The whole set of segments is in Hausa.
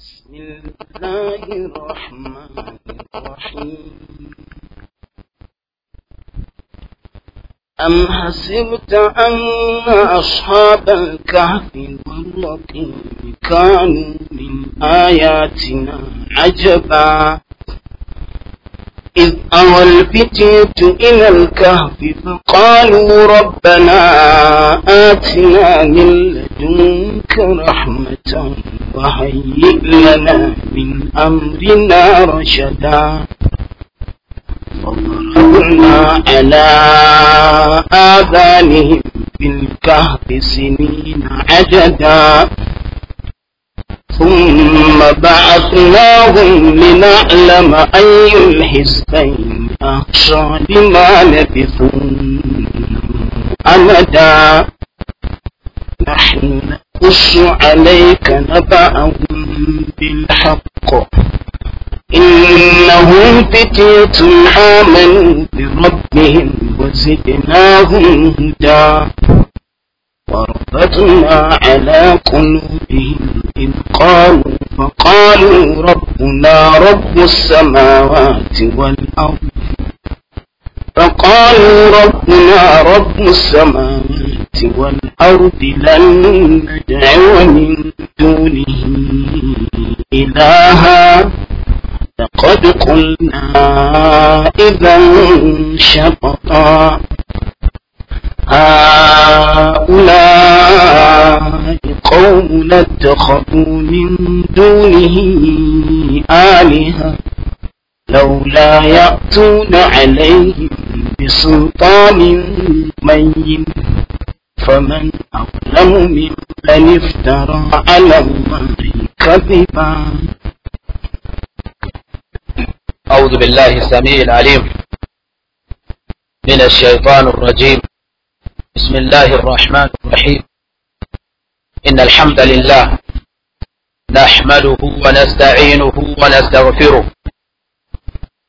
بسم الله الرحمن الرحيم أم حسبت أن أصحاب الكهف والرقيم كانوا من آياتنا عجبا إذ أوى الفتية إلى الكهف فقالوا ربنا آتنا من لدنك رحمة وهيئ لنا من أمرنا رشدا فضربنا على آذانهم بالكهف سنين عددا ثم بعثناهم لنعلم أي الحزبين أخشى لما لبثوا أمدا نحن نقص عليك نبأهم بالحق إنهم فتيت آمنوا بربهم وزدناهم هدى وربطنا على قلوبهم إذ قالوا فقالوا ربنا رب السماوات والأرض فقالوا ربنا رب السماوات والأرض لن ندعو من دونه إلها لقد قلنا إذا شططا هؤلاء قوم اتخذوا من دونه آلهة لولا يأتون عليهم بسلطان مين فمن أظلم ممن افترى على الله كذبا أعوذ بالله السميع العليم من الشيطان الرجيم بسم الله الرحمن الرحيم إن الحمد لله نحمده ونستعينه ونستغفره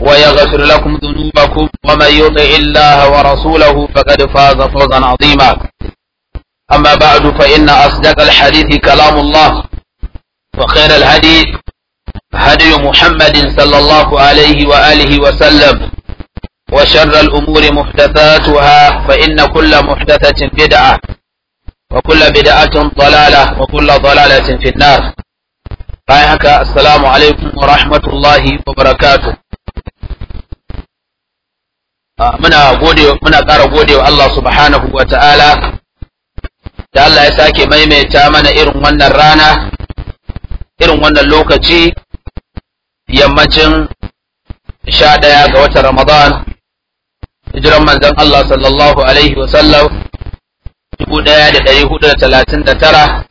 ويغفر لكم ذنوبكم ومن يطع الله ورسوله فقد فاز فوزا عظيما أما بعد فإن أصدق الحديث كلام الله وخير الهدي هدي محمد صلى الله عليه وآله وسلم وشر الأمور محدثاتها فإن كل محدثة بدعة وكل بدعة ضلالة وكل ضلالة في النار السلام عليكم ورحمة الله وبركاته Ah, muna gode muna ƙara gode wa Allah subhanahu wa ta'ala da Allah ya sake maimaita mana irin wannan rana irin wannan lokaci yammacin sha ɗaya ga watan Ramadan hijiran manzon Allah sallallahu alaihi wa sallam dubu ɗaya da ɗari hudu da talatin da tara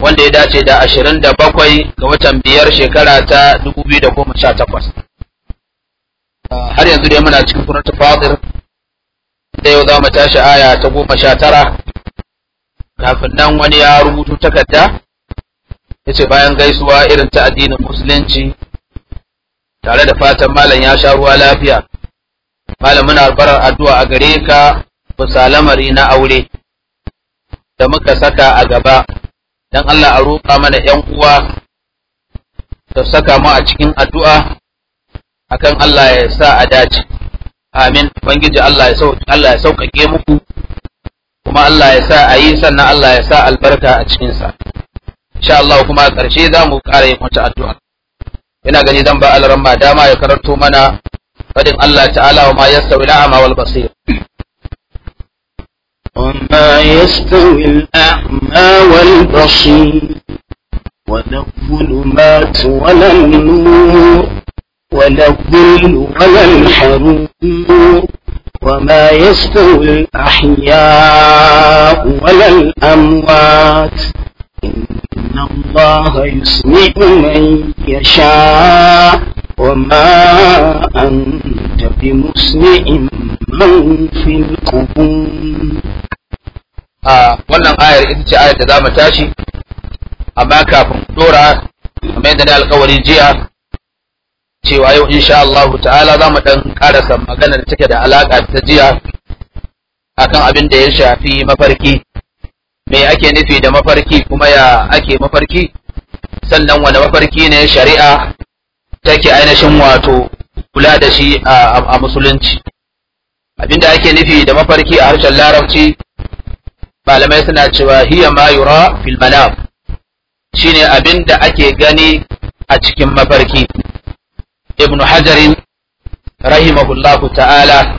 wanda ya dace da ashirin da bakwai ga watan biyar shekara ta dubu biyu da goma sha takwas har yanzu dai muna cikin sunan tafadir da yau za mu tashi aya ta goma sha tara kafin nan wani ya rubutu takarda ya ce bayan gaisuwa irin ta addinin musulunci tare da fatan malam ya sha ruwa lafiya malam muna barar addu'a a gare ka bisa lamari na aure da muka saka a gaba don Allah a roƙa mana ‘yan uwa da saka mu a cikin addu'a akan Allah ya sa a dace amin ubangiji Allah ya sauke Allah ya sauƙaƙe muku kuma Allah ya sa a yi sannan Allah ya sa albarka a cikin sa insha Allah kuma a ƙarshe za mu ƙara yin wata addu'a ina gani dan ba alaran ma dama ya karanto mana fadin Allah ta'ala wa ma yastawi al'ama wal basir وما يستوي الأعمى والبصير ولا الظلمات ولا النور ولا الظل ولا الحروب وما يستوي الأحياء ولا الأموات إن الله يسمع من يشاء وما أنت بمسمع من في القبور آه آية ayar آية ce تاشي da za mu tashi amma kafin dora cewa yau insha allahu ta'ala za mu ɗan ƙarasa maganar take da alaƙa ta jiya akan abin da ya shafi mafarki me ake nufi da mafarki kuma ya ake mafarki sannan wani mafarki ne shari'a take ainihin wato kula da shi a musulunci abin da ake nufi da mafarki a harshen larabci malamai suna cewa hiya ma yura fil manam shine abin da ake gani a cikin mafarki ibn hajarin ta'ala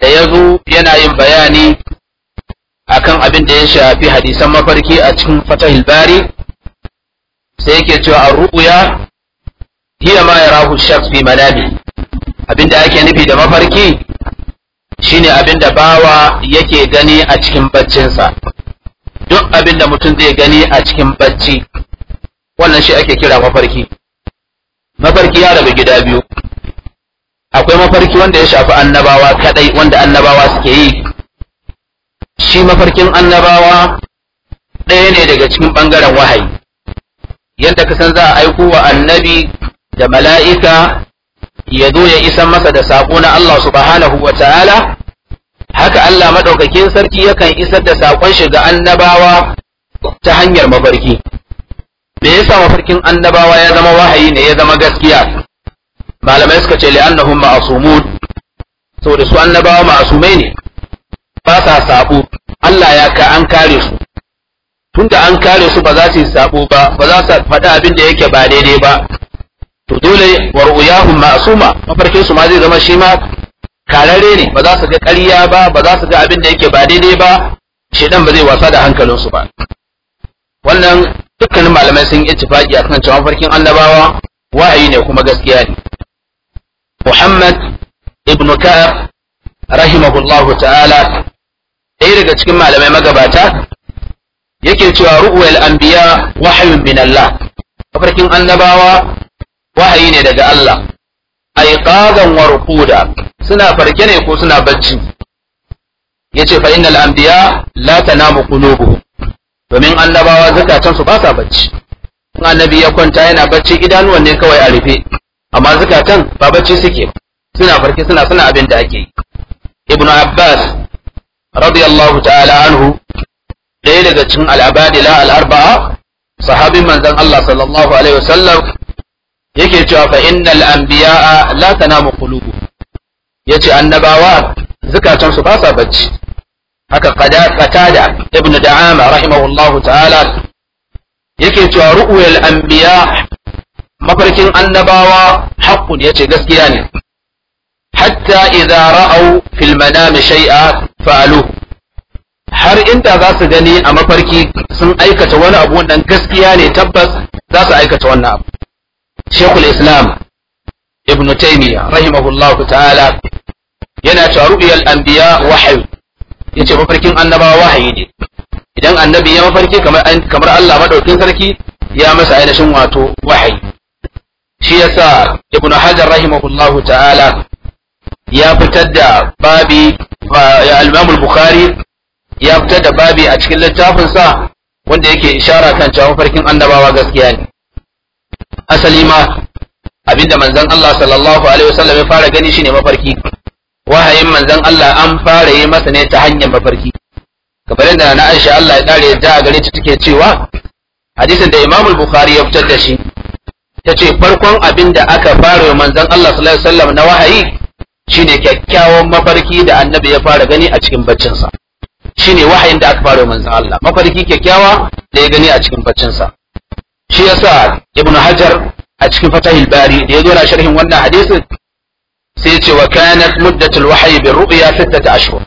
da ya zo yana yin bayani akan abin da ya shafi hadisan mafarki a cikin fatahil bari sai yake cewa a ru'uya hiya ma yarahu shakhs ake nufi da mafarki shine abin da bawa yake gani a cikin baccinsa duk abinda mutum zai gani a cikin bacci wannan shi ake kira mafarki mafarki ya rabu gida biyu akwai mafarki wanda ya shafi annabawa kadai wanda annabawa suke yi shi mafarkin annabawa ɗaya ne daga cikin ɓangaren wahayi yadda ka san za a aiko wa annabi da mala'ika ya zo ya isan masa da saƙo na Allah subhanahu wa ta'ala haka Allah maɗaukakin sarki yakan isar da saƙon shi ga annabawa ta hanyar mafarki me yasa mafarkin annabawa ya zama wahayi ne ya zama gaskiya malamai suka ce li'annahum ma'asumun saboda su annabawa ma'asumai ne ba sa sabo Allah ya ka an kare su tunda an kare su ba za su yi sabo ba ba za su faɗi abin da yake ba daidai ba to dole wa ru'yahum ma'suma mafarkin su ma zai zama shi ma kararre ne ba za su ga ƙarya ba ba za su ga abin da yake ba daidai ba shedan ba zai wasa da hankalinsu ba wannan dukkanin malamai sun yi a kan cewa mafarkin annabawa wahayi ne kuma gaskiya ne Muhammad ibn Ka'ab rahimahullahu ta'ala ɗaya daga cikin malamai magabata yake cewa ru'uwal anbiya wahayun min Allah mafarkin annabawa wahayi ne daga Allah aiqadan wa ruquda suna farke ne ko suna bacci yace fa innal anbiya la tanamu qulubuhum domin annabawa zukatansu ba sa bacci in annabi ya kwanta yana bacci idanuwan ne kawai a rufe amma zukatan ba bacci suke suna farke suna suna abin da ake yi ibnu abbas radiyallahu ta'ala anhu ɗaya daga cikin al'abadila al'arba'a sahabin manzon Allah sallallahu alaihi wasallam yake cewa fa innal anbiya'a la tanamu qulubu yace annabawa zukatansu ba sa bacci haka qatada ibnu da'ama rahimahullahu ta'ala yake cewa ru'yal anbiya mafarkin annabawa haqqun yace gaskiya ne hatta idza ra'aw fil manami shay'a fa'alu har inda za su gani a mafarki sun aikata wani abu wannan gaskiya ne tabbas za su aikata wannan abu shekul islam ibnu taymiya rahimahullahu ta'ala yana cewa ru'yal anbiya wahyu yace mafarkin annabawa wahayi ne idan annabi ya mafarki kamar kamar Allah madaukin sarki ya masa ainihin wato wahayi shi yasa ibn hajar rahimahullahu ta'ala ya fitar da babi al-imam al-bukhari ya fitar da babi a cikin littafin sa wanda yake ishara kan cewa mafarkin annabawa gaskiya ne asali ma abinda manzon Allah sallallahu alaihi wasallam ya fara gani shine mafarki wahayin manzon Allah an fara yi masa ne ta hanyar mafarki kamar yadda na Aisha Allah ya kare a gare ta take cewa hadisin da Imam Bukhari ya fitar da shi tace farkon abin da aka fara yi manzon Allah sallallahu alaihi na wahayi shine kyakkyawan mafarki da annabi ya fara gani a cikin baccinsa shine wahayin da aka fara yi manzon Allah mafarki kyakkyawa da ya gani a cikin baccinsa shi yasa Ibn Hajar a cikin Fatahil Bari da ya zo sharhin wannan hadisin sai ce wa kanat muddatul wahyi bi ru'ya sittata ashhur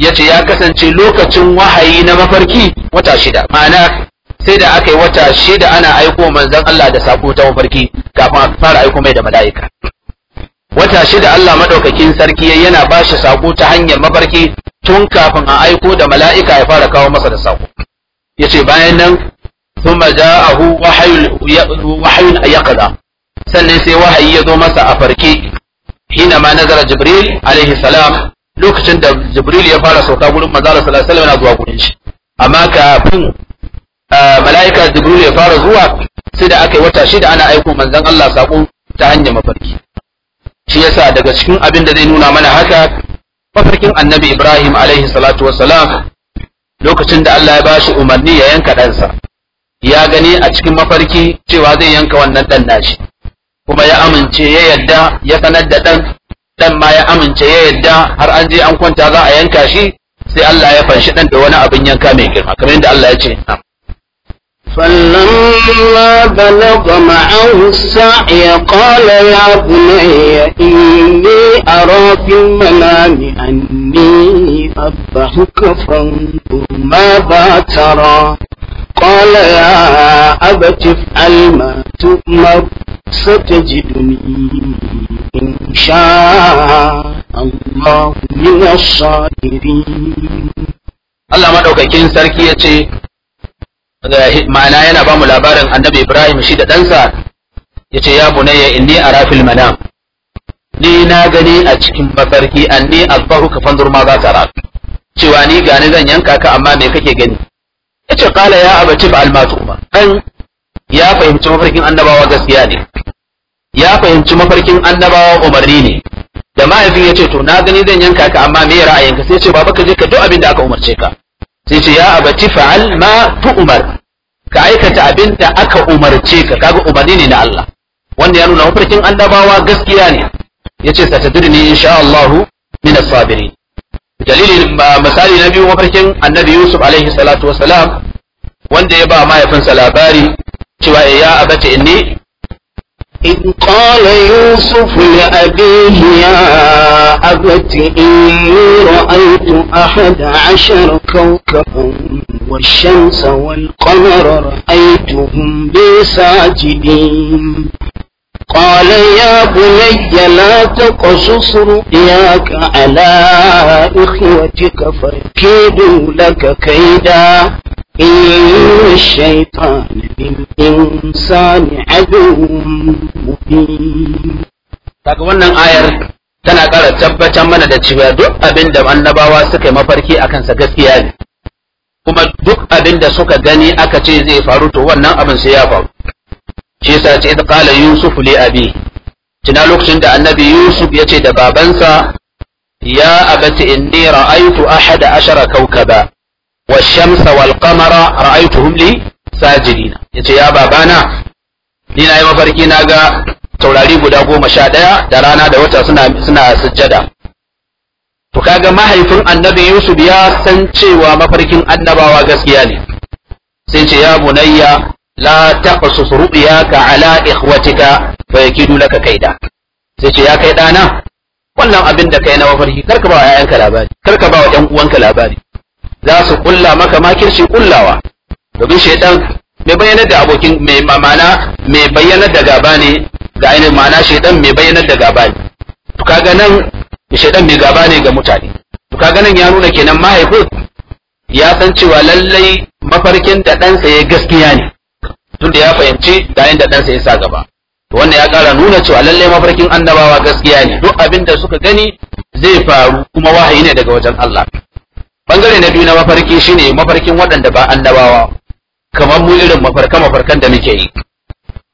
yace ya kasance lokacin wahayi na mafarki wata shida ma'ana sai da aka yi wata shida ana aiko manzon Allah da sako ta mafarki kafin a fara aiko mai da mala'ika wata shida Allah madaukakin sarki yana ba shi sako ta hanyar mafarki tun kafin a aiko da mala'ika ya fara kawo masa da sako yace bayan nan thumma ja'ahu wahyun ayqada sannan sai wahayi ya zo masa a farke hina ma nazara jibril alaihi salam lokacin da jibril ya fara sauka gurin manzo sallallahu alaihi wasallam zuwa gurin shi amma kafin mala'ika jibril ya fara zuwa sai da aka yi wata shida ana aiko manzon Allah sako ta hanyar mafarki shi yasa daga cikin abin da zai nuna mana haka mafarkin annabi Ibrahim alaihi salatu wasalam lokacin da Allah ya bashi umarni ya yanka ɗansa ya gani a cikin mafarki cewa zai yanka wannan ɗan nashi kuma ya amince ya yadda ya sanar da dan dan ma ya amince ya yadda har an je an kwanta za a yanka shi sai Allah ya fanshi dan da wani abin yanka mai girma kamar yadda Allah ya ce فلما بلغ معه السعي قال يا بني إني أرى في المنام أني أذبحك فانظر ماذا ترى قال يا أبت افعل ما تؤمر ستجدني إن شاء الله من الصابرين Allah madaukakin sarki ya ce ma'ana yana ba mu labarin annabi Ibrahim shi da ɗansa ya ce ya bunayya inni arafil manam ni na gani a cikin mafarki anni azbahu ka fanzur ma za ta rafi cewa ni gani zan yanka ka amma me kake gani ce qala ya abati ba almatu ba dan ya fahimci mafarkin annabawa gaskiya ne ya fahimci mafarkin annabawa umarni ne da mahaifin ya ce to na gani zan yanka ka amma me ra'ayinka sai ce baba ka je ka duk abin da aka umarce ka sai ce ya abati fa'al ma umar ka aikata abin da aka umarce ka kaga umarni ne na Allah wanda ya nuna mafarkin annabawa gaskiya ne yace ne insha Allah min as-sabirin dalilin misali na biyu mafarkin annabi Yusuf alaihi salatu wasalam wanda ya ba mahaifinsa labari cewa eh, ya abati inni إذ قال يوسف لأبيه يا أبت إني رأيت أحد عشر كوكبا والشمس والقمر رأيتهم لي ساجدين قال يا بني لا تقصص رؤياك على إخوتك فكيدوا لك كيدا الشيطان للإنسان عدو مبين wannan ayar tana ƙara tabbatar mana da cewa duk abin da annabawa suka yi mafarki a kansa gaskiya ne kuma duk abin da suka gani aka ce zai faru to wannan abin sai ya faru shi yasa ce idh yusuf li abi tuna lokacin da annabi yusuf ya ce da babansa ya abati inni ra'aytu ahada ashara kawkaba والشمس والقمر رأيتهم لي ساجدين yace ya babana ni nayi mafarki naga taurari guda goma sha ɗaya da rana da wata suna suna sujjada to kaga mahaifin annabi Yusuf ya san cewa mafarkin annabawa gaskiya ne sai ce ya bunayya la taqsus ru'yaka ala ikhwatika fa yakidu laka kaida sai ce ya kai dana wannan abin da kai na mafarki karka ba wa yayanka labari karka ba wa ɗan uwanka labari za su kulla maka makirci kullawa domin shaidan mai bayyanar da abokin mai ma'ana mai bayyanar da gaba ne ga ainihin ma'ana shaidan mai bayyanar da gaba ne to kaga nan shaidan mai gaba ne ga mutane to kaga nan ya nuna kenan mahaifin ya san cewa lallai mafarkin da ɗansa ya gaskiya ne tunda ya fahimci da da ɗansa ya sa gaba wannan ya ƙara nuna cewa lallai mafarkin annabawa gaskiya ne duk abin da suka gani zai faru kuma wahayi ne daga wajen Allah bangare na biyu na mafarki shine mafarkin waɗanda ba annabawa kamar mu irin mafarka mafarkan da muke yi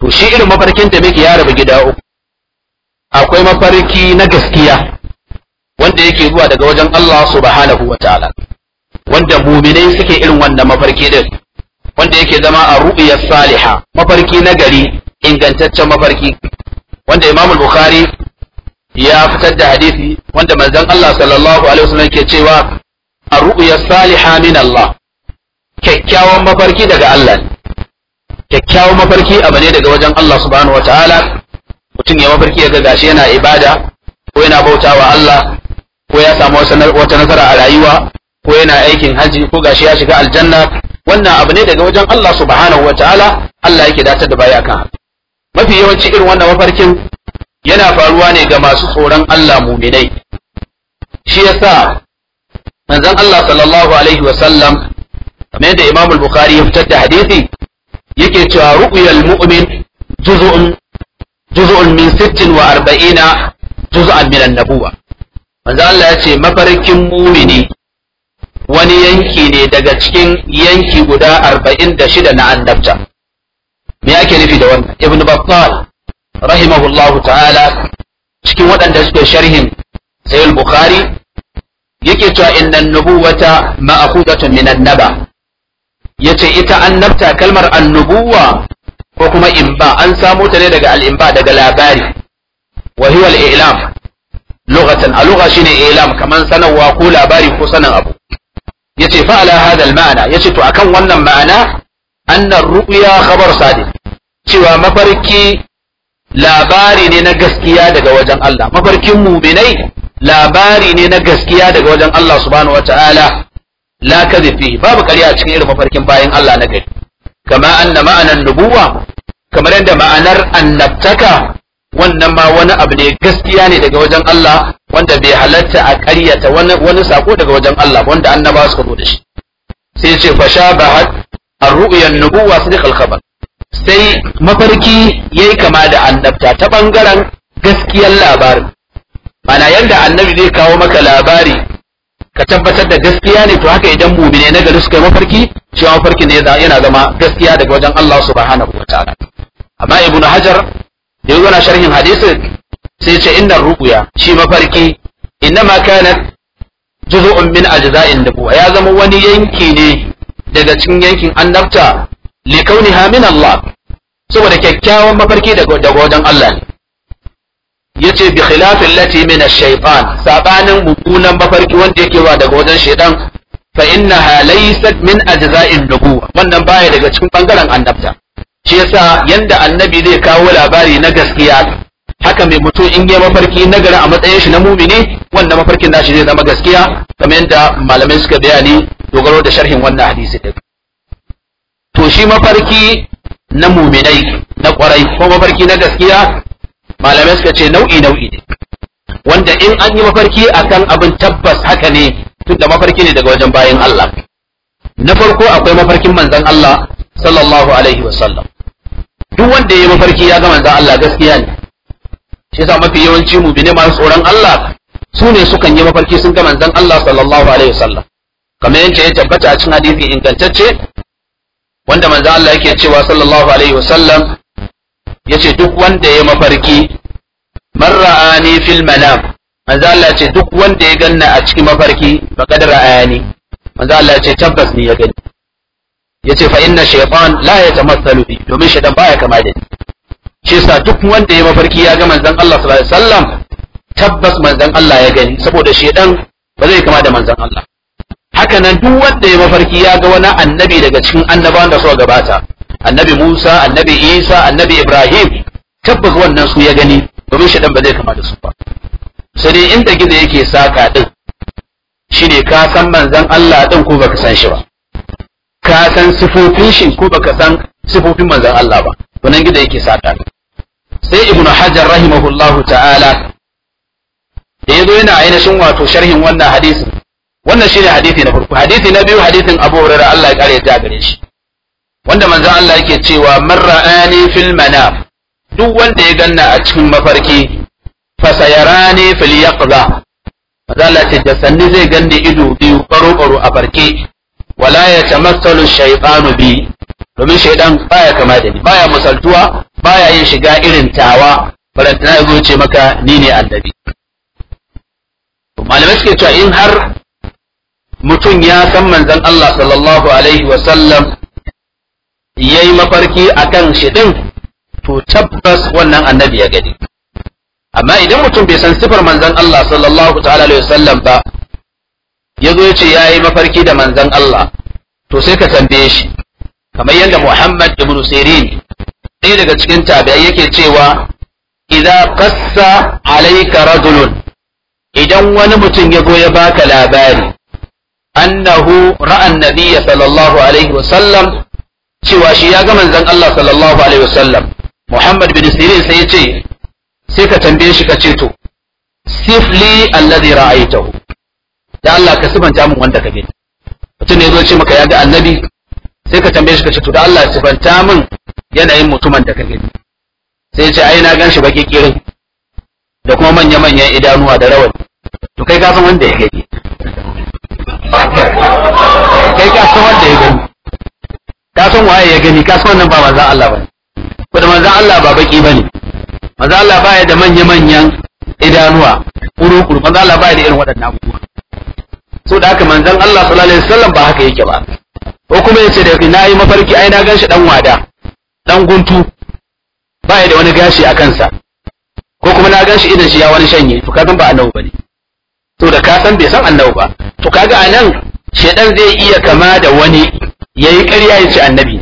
to shi irin mafarkin da muke ya rabu gida uku akwai mafarki na gaskiya wanda yake zuwa daga wajen Allah subhanahu wataala wanda muminai suke irin wannan mafarki din wanda yake zama a ru'iyar saliha mafarki na gari ingantaccen mafarki wanda Imam Bukhari ya fitar da hadisi wanda manzon Allah sallallahu alaihi wasallam ke cewa ar-ru'ya salihah min Allah kyakkyawan mafarki daga Allah kyakkyawan mafarki abu ne daga wajen Allah mutum ya mafarki ya ga gashi yana ibada ko yana bautawa Allah ko ya samu wata nasara a rayuwa ko yana aikin haji ko gashi ya shiga aljanna wannan abu ne daga wajen Allah subhanahu wataala Allah yake datar da baya kan mafi yawanci irin wannan mafarkin yana faruwa ne ga masu tsoron Allah muminai shi yasa manzon Allah sallallahu alaihi wa sallam kamar da Imam al-Bukhari ya fitar da hadisi yake cewa ru'yal mu'min juz'un juz'un min 46 juz'an min an-nubuwa manzon Allah ya ce mafarkin mu'mini wani yanki ne daga cikin yanki guda arba'in da shida na annabta me ake nufi da wannan ibn battal rahimahullahu ta'ala cikin waɗanda suke sharhin sayyid bukhari yake cewa innan nubuwata ma'khudatun minan naba yace ita annabta kalmar annubuwa ko kuma imba an samo ta ne daga al'imba daga labari wa hiwa al-i'lam lughatan a lugha shine i'lam kaman sanarwa ko labari ko sanan abu yace fa ala hada al-ma'na yace to akan wannan ma'ana anna ar-ru'ya khabar sadiq cewa mafarki labari ne na gaskiya daga wajen Allah mafarkin mu'minai labari ne na gaskiya daga wajen Allah subhanahu wataala la kadhifi babu karya a cikin irin mafarkin bayan Allah na gari kama anna ma'anan nubuwa kamar yadda ma'anar annabtaka wannan ma wani abu ne gaskiya ne daga wajen Allah wanda bai halatta a ƙaryata wani sako daga wajen Allah wanda annabawa suka zo da shi sai ce fasha bahat ar-ru'ya nubuwa sadiq al-khabar sai mafarki yayi kama da annabta ta bangaren gaskiyar labarin mana yanda annabi zai kawo maka labari ka tabbatar da gaskiya ne to haka idan mumine na gari suka yi mafarki cewa mafarki ne yana zama gaskiya daga wajen Allah subhanahu wa ta'ala amma ibnu hajar da yana sharhin hadisi sai ce inna ruqya shi mafarki ma kanat juz'un min ajza'in nubuwa ya zama wani yanki ne daga cikin yankin annabta kauniha min Allah saboda kyakkyawan mafarki daga wajen Allah ne yace bi khilafin lati min ash-shaytan sabanin mummunan mafarki wanda yake wa daga wajen shaytan fa innaha laysat min ajza'in nubuwa wannan baya daga cikin bangaren annabta shi yasa yanda annabi zai kawo labari na gaskiya haka mai mutum in yi mafarki nagari a matsayin shi na mumini wannan mafarkin nashi zai zama gaskiya kamar yadda malamai suka bayani dogaro da sharhin wannan hadisi din to shi mafarki na muminai na kwarai ko mafarki na gaskiya malamai suka ce nau'i nau'i ne wanda in an yi mafarki akan abin tabbas haka ne tunda mafarki ne daga wajen bayan Allah na farko akwai mafarkin manzon Allah sallallahu alaihi sallam duk wanda ya yi mafarki ya ga manzon Allah gaskiya ne shi yasa mafi yawanci mu bi ne masu tsoron Allah su ne sukan yi mafarki sun ga manzon Allah sallallahu alaihi sallam kamar yadda ya tabbata a cikin hadisi ingantacce wanda manzon Allah yake cewa sallallahu alaihi sallam yace duk wanda ya mafarki man ra'ani fil manam manzo Allah ce duk wanda ya ganna a cikin mafarki faqad ra'ani manzo Allah ce tabbas ni ya gani yace fa inna shaytan la yatamathalu bi domin shaytan baya kama da ni shi yasa duk wanda ya mafarki ya ga manzon Allah sallallahu alaihi wasallam tabbas manzon Allah ya gani saboda shaytan ba zai kama da manzon Allah haka nan duk wanda ya mafarki ya ga wani annabi daga cikin annabawan da suka gabata annabi Musa annabi Isa annabi Ibrahim tabbas wannan su ya gani domin shaɗan ba zai kama da su ba sai dai inda gizo yake saka din ne ka san manzon Allah din ko baka san shi ba ka san sifofin shi ko baka san sifofin manzon Allah ba wannan gizo yake saka din sai ibnu hajar rahimahullahu ta'ala da ya zo yana ainihin wato sharhin wannan hadisin, wannan shi ne hadisi na farko hadisi na biyu hadisin Abu Hurairah Allah ya kare ya gare shi wanda manzan Allah yake cewa man ra'ani fil manam duk wanda ya ganna a cikin mafarki fasayarani fil yaqza manzo Allah ce da sanni zai ganni ido biyu karo-karo a farke wala yatamassalu shaytanu bi domin shaydan baya kama da ni baya misaltuwa baya yin shiga irin tawa farantana yazo ce maka ni ne annabi malamai suke cewa in har mutum ya san manzon Allah sallallahu alaihi wa sallam ya yi mafarki a kan shi ɗin to tabbas wannan annabi ya gani amma idan mutum bai san sifar manzan Allah sallallahu ta'ala alaihi wasallam ba ya zo ya ce ya yi mafarki da manzan Allah to sai ka tambaye shi kamar yadda Muhammad ibn Sirin ɗaya daga cikin tabi'ai yake cewa idza qassa alayka rajulun idan wani mutum ya zo ya baka labari annahu ra'an nabiyya sallallahu alaihi wasallam cewa shi ya ga manzon Allah sallallahu alaihi wasallam Muhammad bin Sirin sai ya ce sai ka tambaye shi ka ce to sifli alladhi ra'aytahu da Allah ka sifanta min wanda ka gani mutum ne zo ce maka ya ga annabi sai ka tambaye shi ka ce to da Allah sifanta min yanayin mutumin da ka gani sai ya ce ai na ganshi baki kirin da kuma manya manyan idanuwa da rawani to kai ka san wanda ya gani kai ka san wanda ya gani ka san waye ya gani ka san wannan ba manzon Allah bane ko da manzon Allah ba baki bane manzon Allah baya da manya manyan idanuwa kuru kuru manzon Allah baya da irin waɗannan abubuwa so da haka manzon Allah sallallahu alaihi wasallam ba haka yake ba ko kuma yace da na yi mafarki ai na ganshi dan wada dan guntu baya da wani gashi a kansa ko kuma na ganshi idan shi ya wani shanye to ka san ba annabi bane to da ka san bai san annabi ba to kaga anan shedan zai iya kama da wani yayi ƙarya ya ce annabi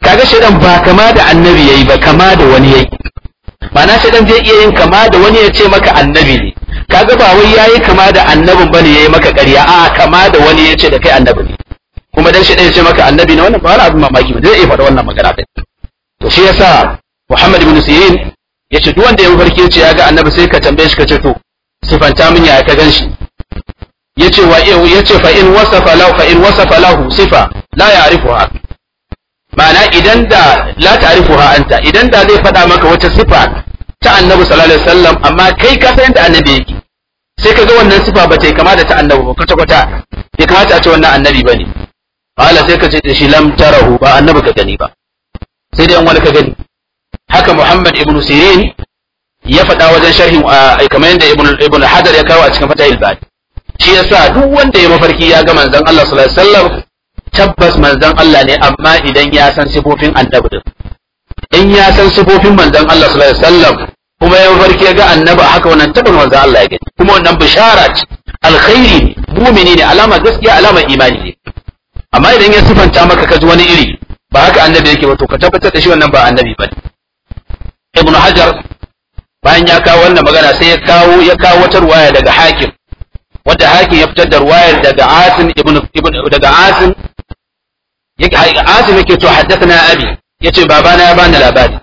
kaga shaidan ba kama da annabi yayi ba kama da wani yayi ma'ana shaidan zai iya yin kama da wani ya ce maka annabi ne kaga ba wai yayi kama da annabin bane yayi maka ƙarya a kama da wani ya ce da kai annabi ne kuma dan shaidan ya ce maka annabi ne wannan ba wani abin mamaki ba zai iya faɗa wannan magana ɗin to shi yasa Muhammad ibn Sirin ya ce duk wanda ya mafarki ya ce ya ga annabi sai ka tambaye shi ka ce to sifanta min ya ka gan shi yace wa yace fa in wasafa lahu fa in wasafa lahu sifa la ya'rifuha ma'ana idan da la ta'rifuha anta idan da zai faɗa maka wata sifa ta annabi sallallahu alaihi wasallam amma kai ka san da annabi yake sai ka ga wannan sifa ba ta kama da ta annabi ba kwata kwata bai kamata a ce wannan annabi bane qala sai ka ce da shi lam tarahu ba annabi ka gani ba sai dai an wani ka gani haka muhammad ibnu sirin ya faɗa wajen sharhin kamar yadda ibn ibn hadar ya kawo a cikin fatahil bari shi yasa duk wanda ya mafarki ya ga manzon Allah sallallahu alaihi wasallam tabbas manzon Allah ne amma idan ya san sifofin annabi din in ya san sifofin manzon Allah sallallahu alaihi wasallam kuma ya mafarki ya ga annabi haka wannan tabbas manzon Allah ya gani kuma wannan bishara ce alkhairi mumini ne alama gaskiya alama imani ne amma idan ya sifanta maka ka ji wani iri ba haka annabi yake ba to ka tabbatar da shi wannan ba annabi ba ibnu hajar bayan ya kawo wannan magana sai ya kawo ya kawo wata ruwaya daga hakim wanda hakim ya fitar da ruwayar daga asim ibn ibn daga asim yake asim yake to haddathana abi yace babana ya bani labari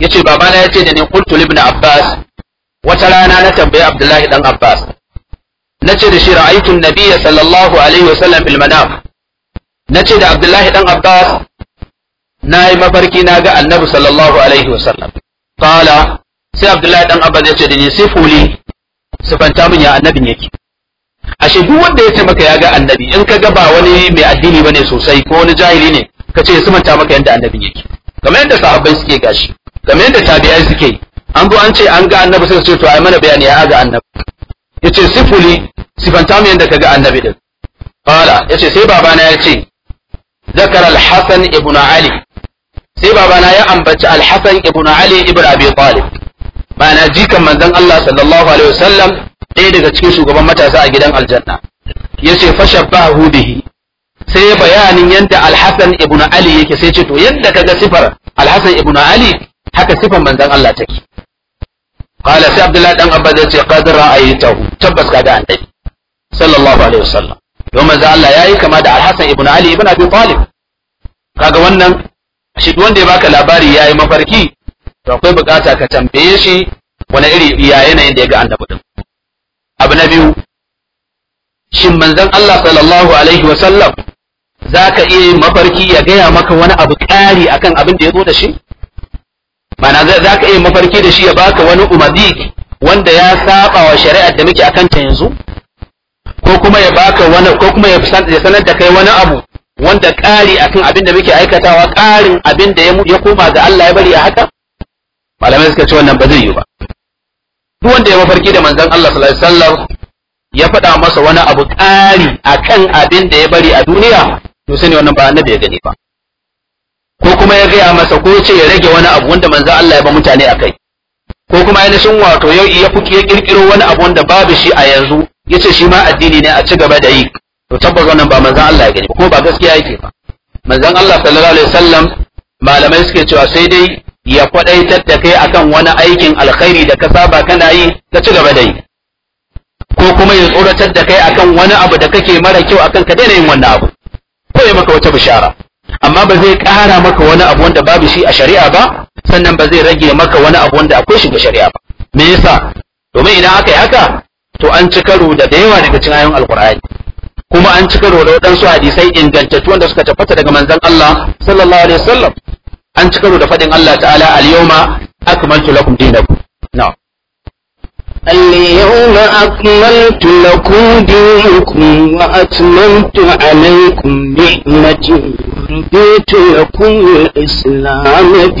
yace babana yace da ni qultu ibn abbas wata rana na tambayi abdullahi dan abbas nace da shi ra'aytu an-nabiyya sallallahu alaihi wasallam fil manam nace da abdullahi dan abbas nayi mafarki naga annabi sallallahu alaihi wa sallam. qala sai abdullahi dan abbas yace da ni sifuli sifanta min ya annabin yake ashe duk wanda ya ce maka ya ga annabi in ka ba wani mai addini bane sosai ko wani jahili ne ka ce ya sumanta maka yadda annabin yake kamar yadda sahabbai suke gashi kamar yadda tabi'ai suke an zo an ce an ga annabi sai ce to ai mana bayani ya ga annabi yace sifuli sifanta mu yadda ka ga annabi din qala yace sai babana ya ce zakara al-hasan ibn ali sai babana ya ambaci al-hasan ibn ali ibn abi talib bana jikan manzon Allah sallallahu alaihi wasallam ɗaya daga cikin shugaban matasa a gidan aljanna Ya ce yace fashabbahu bihi sai bayanin yadda alhassan ibn ali yake sai ce to yadda kaga sifar alhassan ibn ali haka sifar manzon Allah take qala sai abdullahi dan abba zai ce qad ra'aytahu tabbas ka ga annabi sallallahu alaihi wasallam don manzon Allah yayi kama da alhassan ibn ali ibn abi talib kaga wannan shi wanda ya baka labari yayi mafarki to akwai bukata ka tambaye shi wani iri ya yanayin da ya ga annabi din abu na biyu shin manzon Allah sallallahu alaihi wa sallam zaka iya yin mafarki ya gaya maka wani abu ƙari akan abin da ya zo da shi mana zaka iya mafarki da shi ya baka wani umadi wanda ya saba wa shari'ar da muke akan ta yanzu ko kuma ya baka wani ko kuma ya sanar da kai wani abu wanda ƙari akan abin da muke aikatawa ƙarin abin da ya koma ga Allah ya bari a haka malamai suka ce wannan ba zai yi ba duk wanda ya mafarki da manzon Allah sallallahu alaihi wasallam ya faɗa masa wani abu ƙari akan abin da ya bari a duniya to sai wannan ba annabi ya gani ba ko kuma ya gaya masa ko ce ya rage wani abu wanda manzon Allah ya ba mutane akai ko kuma yana shin wato yau ya fuki ya kirkiro wani abu wanda babu shi a yanzu yace shi ma addini ne a ci gaba da yi to tabbas wannan ba manzon Allah ya gani ko ba gaskiya yake ba manzon Allah sallallahu alaihi wasallam malamai suke cewa sai dai ya kwadaitar da kai akan wani aikin alkhairi da ka saba kana yi ka ci gaba da yi ko kuma ya tsoratar da kai akan wani abu da kake mara kyau akan ka daina yin wannan abu ko ya maka wata bishara amma ba zai ƙara maka wani abu wanda babu shi a shari'a ba sannan ba zai rage maka wani abu wanda akwai shi ga shari'a ba me yasa domin idan aka yi haka to an ci karo da yawa daga cikin ayoyin alkur'ani kuma an ci karo da waɗansu hadisai ingantattu wanda suka tabbata daga manzon Allah sallallahu alaihi wasallam an cika da faɗin Allah ta'ala al-yawma akmaltu lakum dinakum na'am اليوم أكملت لكم دينكم وأتممت عليكم نعمتي ورضيت لكم الإسلام دينا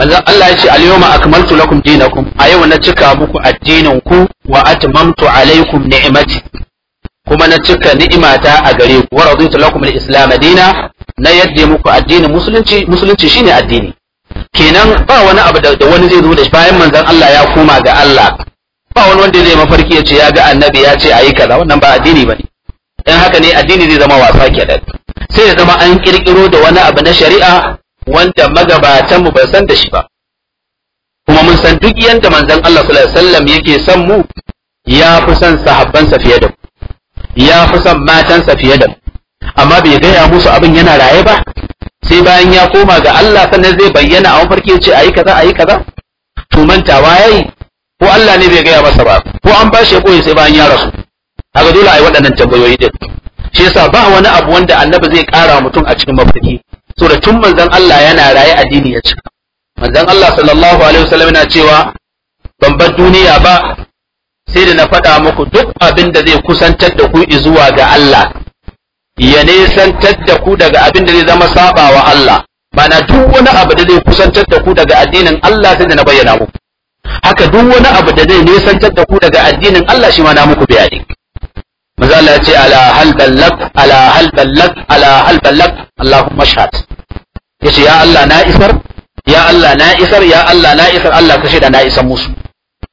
Allah ya ce al-yawma akmaltu lakum dinakum a yau na cika muku addinin ku wa atmamtu alaikum ni'mati kuma na cika ni'imata a gare ku wa raditu lakum al-islam dina na yadda muku addinin musulunci musulunci shine addini kenan ba wani abu da wani zai zo da bayan manzon Allah ya koma ga Allah ba wani wanda zai mafarki ya ce ya ga annabi ya ce ayi kaza wannan ba addini bane dan haka ne addini zai zama wasa kenan sai ya zama an kirkiro da wani abu na shari'a wanda magabatan mu bai san da shi ba kuma mun san duk yanda manzon Allah sallallahu alaihi wasallam yake son mu ya fi son sahabbansa fiye da mu ya fi son matansa fiye da mu amma bai gaya musu abin yana raye ba sai bayan ya koma ga Allah sannan zai bayyana a mafarki ce ayi kaza ayi kaza to mantawa wayayi. ko Allah ne bai gaya masa ba ko an ba shi koyi sai bayan ya rasu haka dole ayi waɗannan tambayoyi din shi yasa ba wani abu wanda annabi zai ƙara mutum a cikin mafarki da tun manzon Allah yana raye addini ya cika manzon Allah sallallahu alaihi wasallam yana cewa ban bar duniya ba sai da na faɗa muku duk abin da zai kusantar da ku zuwa ga Allah ya nesantar da ku daga abin da zai zama saba wa Allah mana duk wani abu da zai kusantar da ku daga addinin Allah sai da na bayyana muku haka duk wani abu da zai nesantar da ku daga addinin Allah shi ma na muku bayani maza Allah ce ala hal ballak ala hal ballak ala hal ballak Allahumma shahad yace ya Allah na isar ya Allah na isar ya Allah na isar Allah ka shaida na isar musu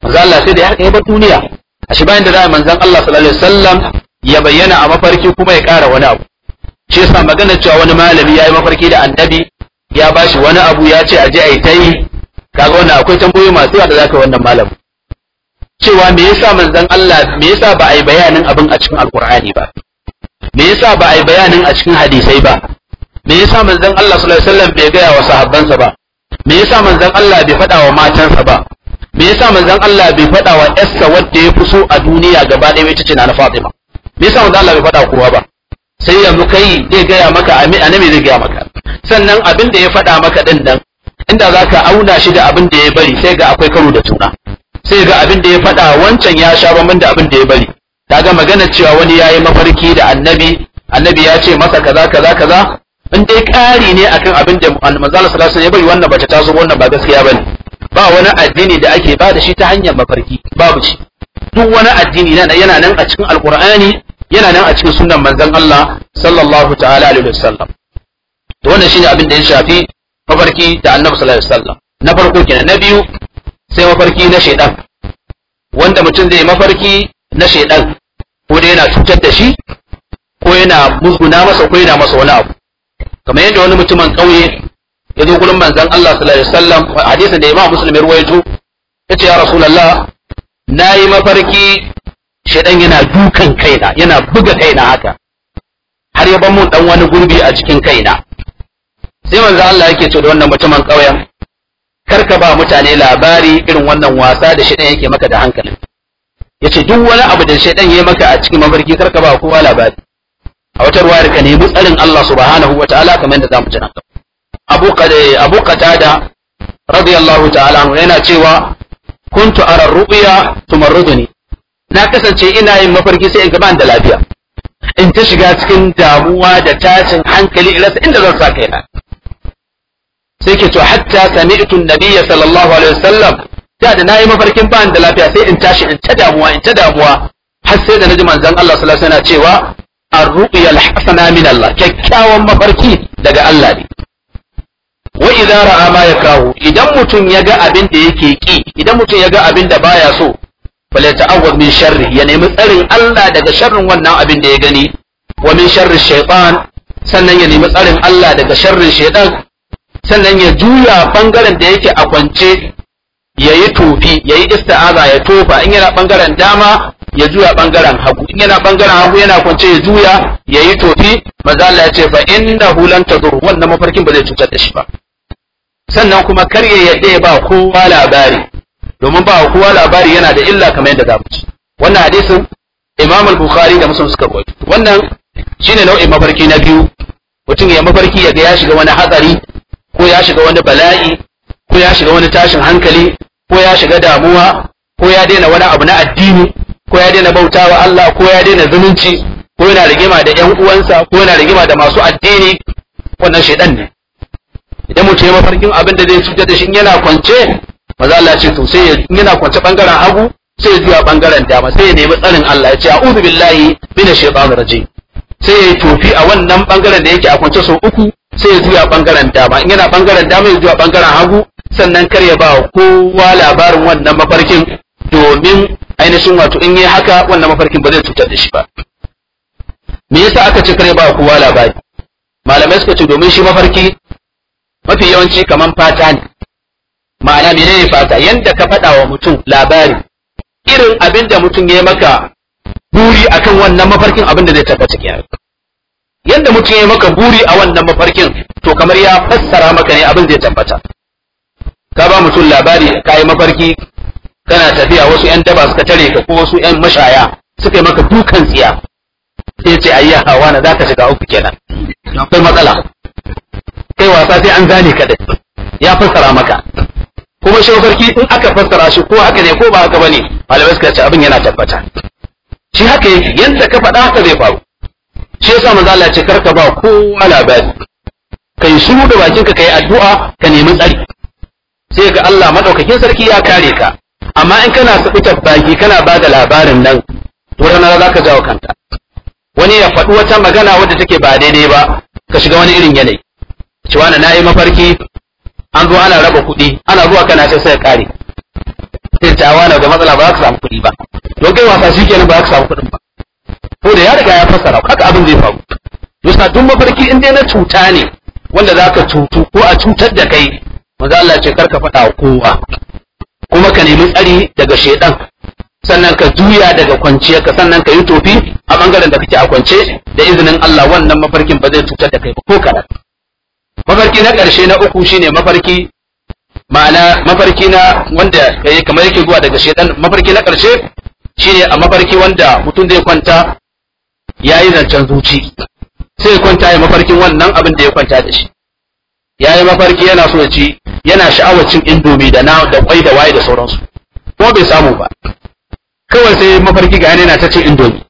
maza Allah sai da ya haka ya bar duniya a shi bayan da za a manzon Allah sallallahu alaihi wasallam ya bayyana a mafarki kuma ya ƙara wani abu shi yasa magana cewa wani malami ya yi mafarki da annabi ya bashi wani abu ya ce aje yi. tai kaga wannan akwai tambayoyi masu yawa da zaka wannan malamin cewa me yasa manzon Allah me yasa ba ai bayanin abin a cikin alqur'ani ba me yasa ba ai bayanin a cikin hadisai ba me yasa manzon Allah sallallahu alaihi wasallam bai gaya wa sahabbansa ba me yasa manzon Allah bai faɗa wa matansa ba me yasa manzon Allah bai faɗa wa ƴarsa wadda ya fi so a duniya gaba ɗaya ita ce na Fatima me yasa manzo Allah bai faɗa kowa ba sai yanzu kai zai gaya maka me zai gaya maka sannan abin da ya faɗa maka din nan inda zaka auna shi da abin da ya bari sai ga akwai karo da juna sai ga abin da ya faɗa wancan ya sha bamban da abin da ya bari ga magana cewa wani yayi mafarki da annabi annabi ya ce masa kaza kaza kaza in dai ƙari ne akan abin da manzala sallallahu alaihi ya bari wannan ta zo wannan ba gaskiya bane ba wani addini da ake ba da shi ta hanyar mafarki babu shi duk wani addini na yana nan a cikin alqur'ani yana nan a cikin sunan manzon Allah sallallahu ta'ala alaihi wasallam to wannan shine abin da ya shafi mafarki da annabi sallallahu alaihi wasallam na farko kenan na biyu sai mafarki na shaidan wanda mutum zai mafarki na shaidan ko da yana cutar da shi ko yana musguna masa ko yana masa wani abu kamar yadda wani mutumin kauye ya zo gurin manzon Allah sallallahu alaihi wasallam hadisin da Imam Muslim ya ruwaito yace ya Rasulullah nayi mafarki shedan yana dukan kaina yana buga kaina haka har ya ban mun dan wani gurbi a cikin kaina sai manzo Allah yake ce da wannan mutumin ƙauyen karka ba mutane labari irin wannan wasa da shedan yake maka da hankali yace duk wani abu da shedan yayi maka a cikin mafarki karka ba kowa labari a wata ruwa ka nemi tsarin Allah subhanahu ta'ala kamar yadda zamu ji nan Abu Qada Abu Qatada radiyallahu ta'ala yana cewa kuntu ara ru'ya tumarruduni na kasance ina yin mafarki sai in gaba da lafiya in ta shiga cikin damuwa da tashin hankali rasa inda zan sa kaina sai ke to hatta sami'tu nabiyya sallallahu alaihi wasallam da da nayi mafarkin ba da lafiya sai in tashi in ta damuwa in ta damuwa har sai da naji manzon Allah sallallahu alaihi cewa ar-ru'ya al-hasana min Allah kyakkyawan mafarki daga Allah ne wa idza ra'a ma yakahu idan mutum ya ga abin da yake ki idan mutum ya ga abin da baya so fala ta'awwad min sharri ya nemi tsarin Allah daga sharrin wannan abin da ya gani wa min sharri shaytan sannan ya nemi tsarin Allah daga sharrin shaytan sannan ya juya bangaren da yake a kwance yayi tofi yayi isti'aza ya tofa in yana bangaren dama ya juya bangaren hagu in yana bangaren hagu yana kwance ya juya yayi tofi maza Allah ya ce fa innahu lan tadur wannan mafarkin ba zai cutar da shi ba sannan kuma kar ya yadda ya ba kowa labari domin ba kowa labari yana da illa kamar yadda zamu ci wannan hadisin Imam al-Bukhari da Muslim suka rawaito wannan shine nau'in mafarki na biyu mutum ya mafarki ya ga ya shiga wani hatsari ko ya shiga wani bala'i ko ya shiga wani tashin hankali ko ya shiga damuwa ko ya daina wani abu na addini ko ya daina bautawa Allah ko ya daina zumunci ko yana rigima da ƴan uwansa ko yana rigima da masu addini wannan shedan ne idan mutum ya mafarkin abin da zai cutar da shi yana kwance maza Allah ce to sai ya yana kwance bangaren hagu sai ya juya bangaren dama sai ya nemi tsarin Allah ya ce a'udhu billahi minash shaitanir rajim sai ya tofi a wannan bangaren da yake a kwance sau uku sai ya juya bangaren dama in yana bangaren dama ya juya bangaren hagu sannan kar ya ba kowa labarin wannan mafarkin domin ainihin wato in yi haka wannan mafarkin ba zai cutar da shi ba me yasa aka ce kar ya ba kowa labari malamai suka ce domin shi mafarki mafi yawanci kaman fata ne ma'ana menene fata yanda ka faɗa wa mutum labari irin abin da mutum ya maka buri akan wannan mafarkin abin da zai tabbata kenan yanda mutum ya maka buri a wannan mafarkin to kamar ya fassara maka ne abin zai tabbata ka ba mutum labari ka yi mafarki kana tafiya wasu yan daba suka tare ka ko wasu yan mashaya suka yi maka dukan tsiya sai ce ayya hawa na zaka shiga uku kenan akwai matsala kai wasa sai an zane ka da ya fassara maka kuma shaukarki in aka fassara shi ko haka ne ko ba haka bane malamai suka ce abin yana tabbata shi haka yake yanda ka faɗa haka zai faru shi yasa manzo Allah ya ce karka ba kowa labari kai shiru da bakinka kai addu'a ka nemi tsari sai ga Allah madaukakin sarki ya kare ka amma in kana sabutar baki kana ba da labarin nan to ranar za ka jawo kanta wani ya faɗi wata magana wadda take ba daidai ba ka shiga wani irin yanayi cewa na yi mafarki an zo ana raba kuɗi ana zuwa kana sai sai kare sai ta wala da matsala ba za ka samu kuɗi ba To kai wasa shi kenan ba za ka samu kuɗin ba ko da ya riga ya fassara haka abin zai faru yasa duk mafarki in dai na cuta ne wanda za ka cutu ko a cutar da kai manzo Allah ce karka faɗa kowa kuma ka nemi tsari daga shedan sannan ka juya daga kwanciyar ka sannan ka yi tofi a bangaren da kake a kwance da izinin Allah wannan mafarkin ba zai cutar da kai ba ko kaɗan mafarki na ƙarshe na uku shine mafarki ma'ana mafarki na wanda yayi kamar yake zuwa daga shedan mafarki na ƙarshe shine a mafarki wanda mutum zai kwanta ya yi zancen zuci sai kwanta ya mafarkin wannan abin da ya kwanta da shi Ya yi mafarki yana so ya ci yana sha'awar cin indomi da na da kwai da waye da sauransu ko bai samu ba kawai sai mafarki ga yana ta cin indomi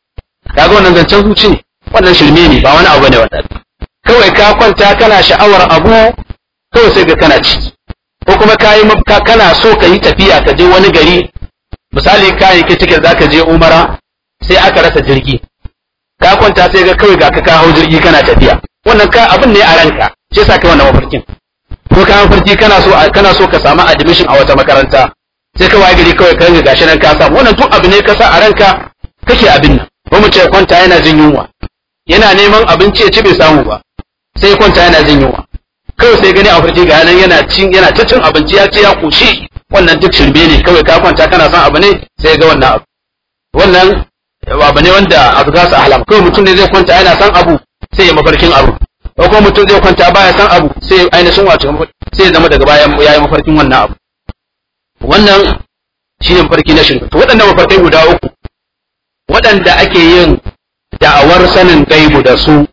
kaga wannan zancen zuci ne wannan shirme ne ba wani abu ne wannan kawai ka kwanta kana sha'awar abu kawai sai ga kana ci. ko kuma ka yi kana so ka yi tafiya ka je wani gari misali ka yi tiket za ka je umara sai aka rasa jirgi ka kwanta sai ga kawai ga ka kawo jirgi kana tafiya wannan ka abin ne a ranka sai sa kai wannan mafarkin ko ka mafarki kana so kana so ka samu admission a wata makaranta sai ka waye gari kawai ka ringa gashi nan ka samu wannan duk abu ne ka sa a ranka kake abin nan ba mu ce kwanta yana jin yunwa yana neman abinci ya ci bai samu ba sai kwanta yana jin yunwa kawai sai gani a farji ga yanan yana cin yana ta cin abinci ya ce ya kushi wannan duk shirme ne kawai ka kwanta kana son abu ne sai ga wannan abu wannan abu ne wanda abu za su ahlam kawai mutum ne zai kwanta yana son abu sai ya mafarkin abu ko kuma mutum zai kwanta baya son abu sai ainihin wato sai ya zama daga baya ya yi mafarkin wannan abu wannan shi ne mafarki na shirme to waɗannan mafarkai guda uku waɗanda ake yin da'awar sanin gaibu da su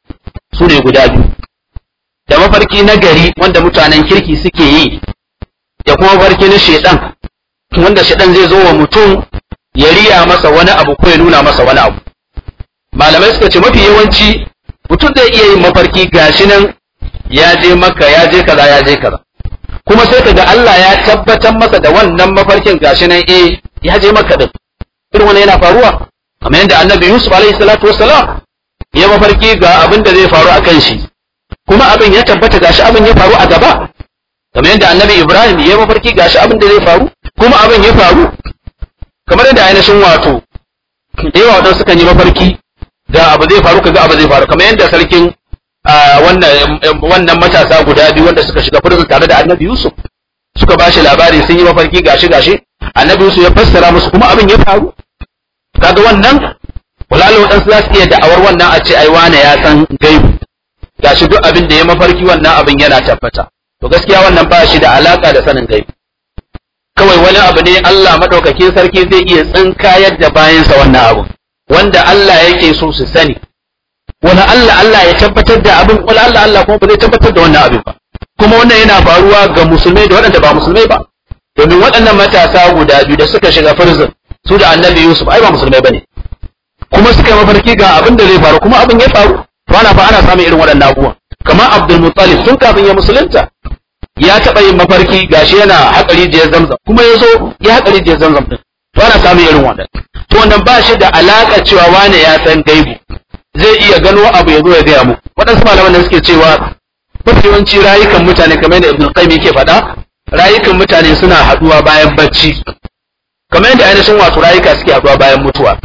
su ne guda biyu da mafarki na gari wanda mutanen kirki suke yi da kuma mafarki na shedan wanda shedan zai zo wa mutum ya riya masa wani abu ko ya nuna masa wani abu malamai suka ce mafi yawanci mutum zai iya yin mafarki gashi nan ya je maka ya je kaza ya je kaza kuma sai kaga Allah ya tabbatar masa da wannan mafarkin gashi nan eh ya je maka din irin wannan yana faruwa kamar yadda annabi Yusuf alaihi salatu wassalam ya mafarki ga abin da zai faru akan shi kuma abin ya tabbata gashi abin ya faru a gaba kamar yadda annabi ibrahim ya mafarki gashi abin da zai faru kuma abin ya faru kamar yadda ainihin wato da yawa wadansu kan yi mafarki ga abu zai faru kaga abu zai faru kamar yadda sarkin wannan matasa guda biyu wanda suka shiga prison tare da annabi yusuf suka ba shi labari sun yi mafarki gashi gashi annabi yusuf ya fassara musu kuma abin ya faru kaga wannan walalo wadansu za su iya da'awar wannan a ce ai wane ya san gaibu gashi duk abin da ya mafarki wannan abin yana tabbata to gaskiya wannan ba shi da alaka da sanin gaibi kawai wani abu ne Allah madaukakin sarki zai iya tsinkayar da bayansa wannan abu wanda Allah yake so su sani wani Allah Allah ya tabbatar da abin wani Allah Allah kuma bai tabbatar da wannan abin ba kuma wannan yana faruwa ga musulmai da waɗanda ba musulmai ba domin waɗannan matasa guda biyu da suka shiga firzin su da annabi Yusuf ai ba musulmai bane kuma suka mafarki ga abin da zai faru kuma abin ya faru to ana fa ana samun irin waɗannan abubuwan kamar Abdul Muttalib tun kafin ya musulunta ya taɓa yin mafarki gashi yana haƙari da zamzam kuma ya zo ya haƙari da zamzam din to ana samun irin waɗannan to wannan ba shi da alaƙa cewa wane ya san gaibu zai iya gano abu ya zo ya gaya mu. waɗansu malaman da suke cewa mafi yawanci rayukan mutane kamar yadda Ibn Qayyim yake faɗa rayukan mutane suna haɗuwa bayan bacci kamar yadda ainihin wato rayuka suke haɗuwa bayan mutuwa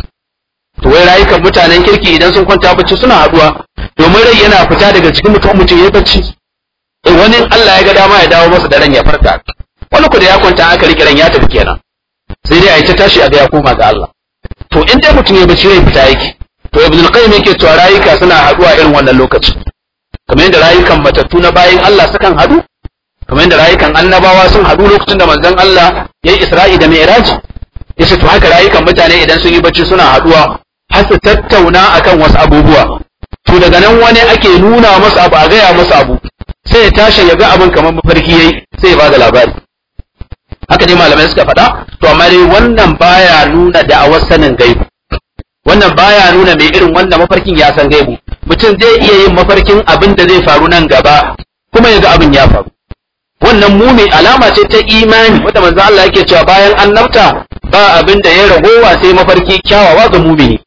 to wai rayukan mutanen kirki idan sun kwanta bacci suna haduwa domin rai yana fita daga cikin mutum mutum ya bacci eh, wani Allah ya ga dama ya dawo masa da ya farka wani ku da ya kwanta aka rike ran ya tafi kenan sai dai a yi ta tashi a ga ya koma ga Allah to in dai mutum ya bacci rai fita yake to ibn qayyim yake cewa rayuka suna haduwa irin wannan lokaci kamar yadda rayukan matattu na bayan Allah sukan hadu kamar yadda rayukan annabawa sun hadu lokacin da manzon Allah ya yi Isra'i da Mi'raj yace to haka rayukan mutane idan sun yi bacci suna haduwa har su tattauna akan wasu abubuwa to daga nan wani ake nuna masu abu a gaya masu abu sai ya tashi ya ga abin kamar mafarki yayi sai ya bada labari haka ne malamai suka faɗa to amma dai wannan baya nuna da wasu sanin gaibu wannan baya nuna mai irin wannan mafarkin ya san gaibu mutum zai iya yin mafarkin abin da zai faru nan gaba kuma ya ga abin ya faru wannan mumi alama ce ta imani wanda manzo Allah yake cewa bayan annabta ba abin da ya ragowa sai mafarki kyawawa ga mumini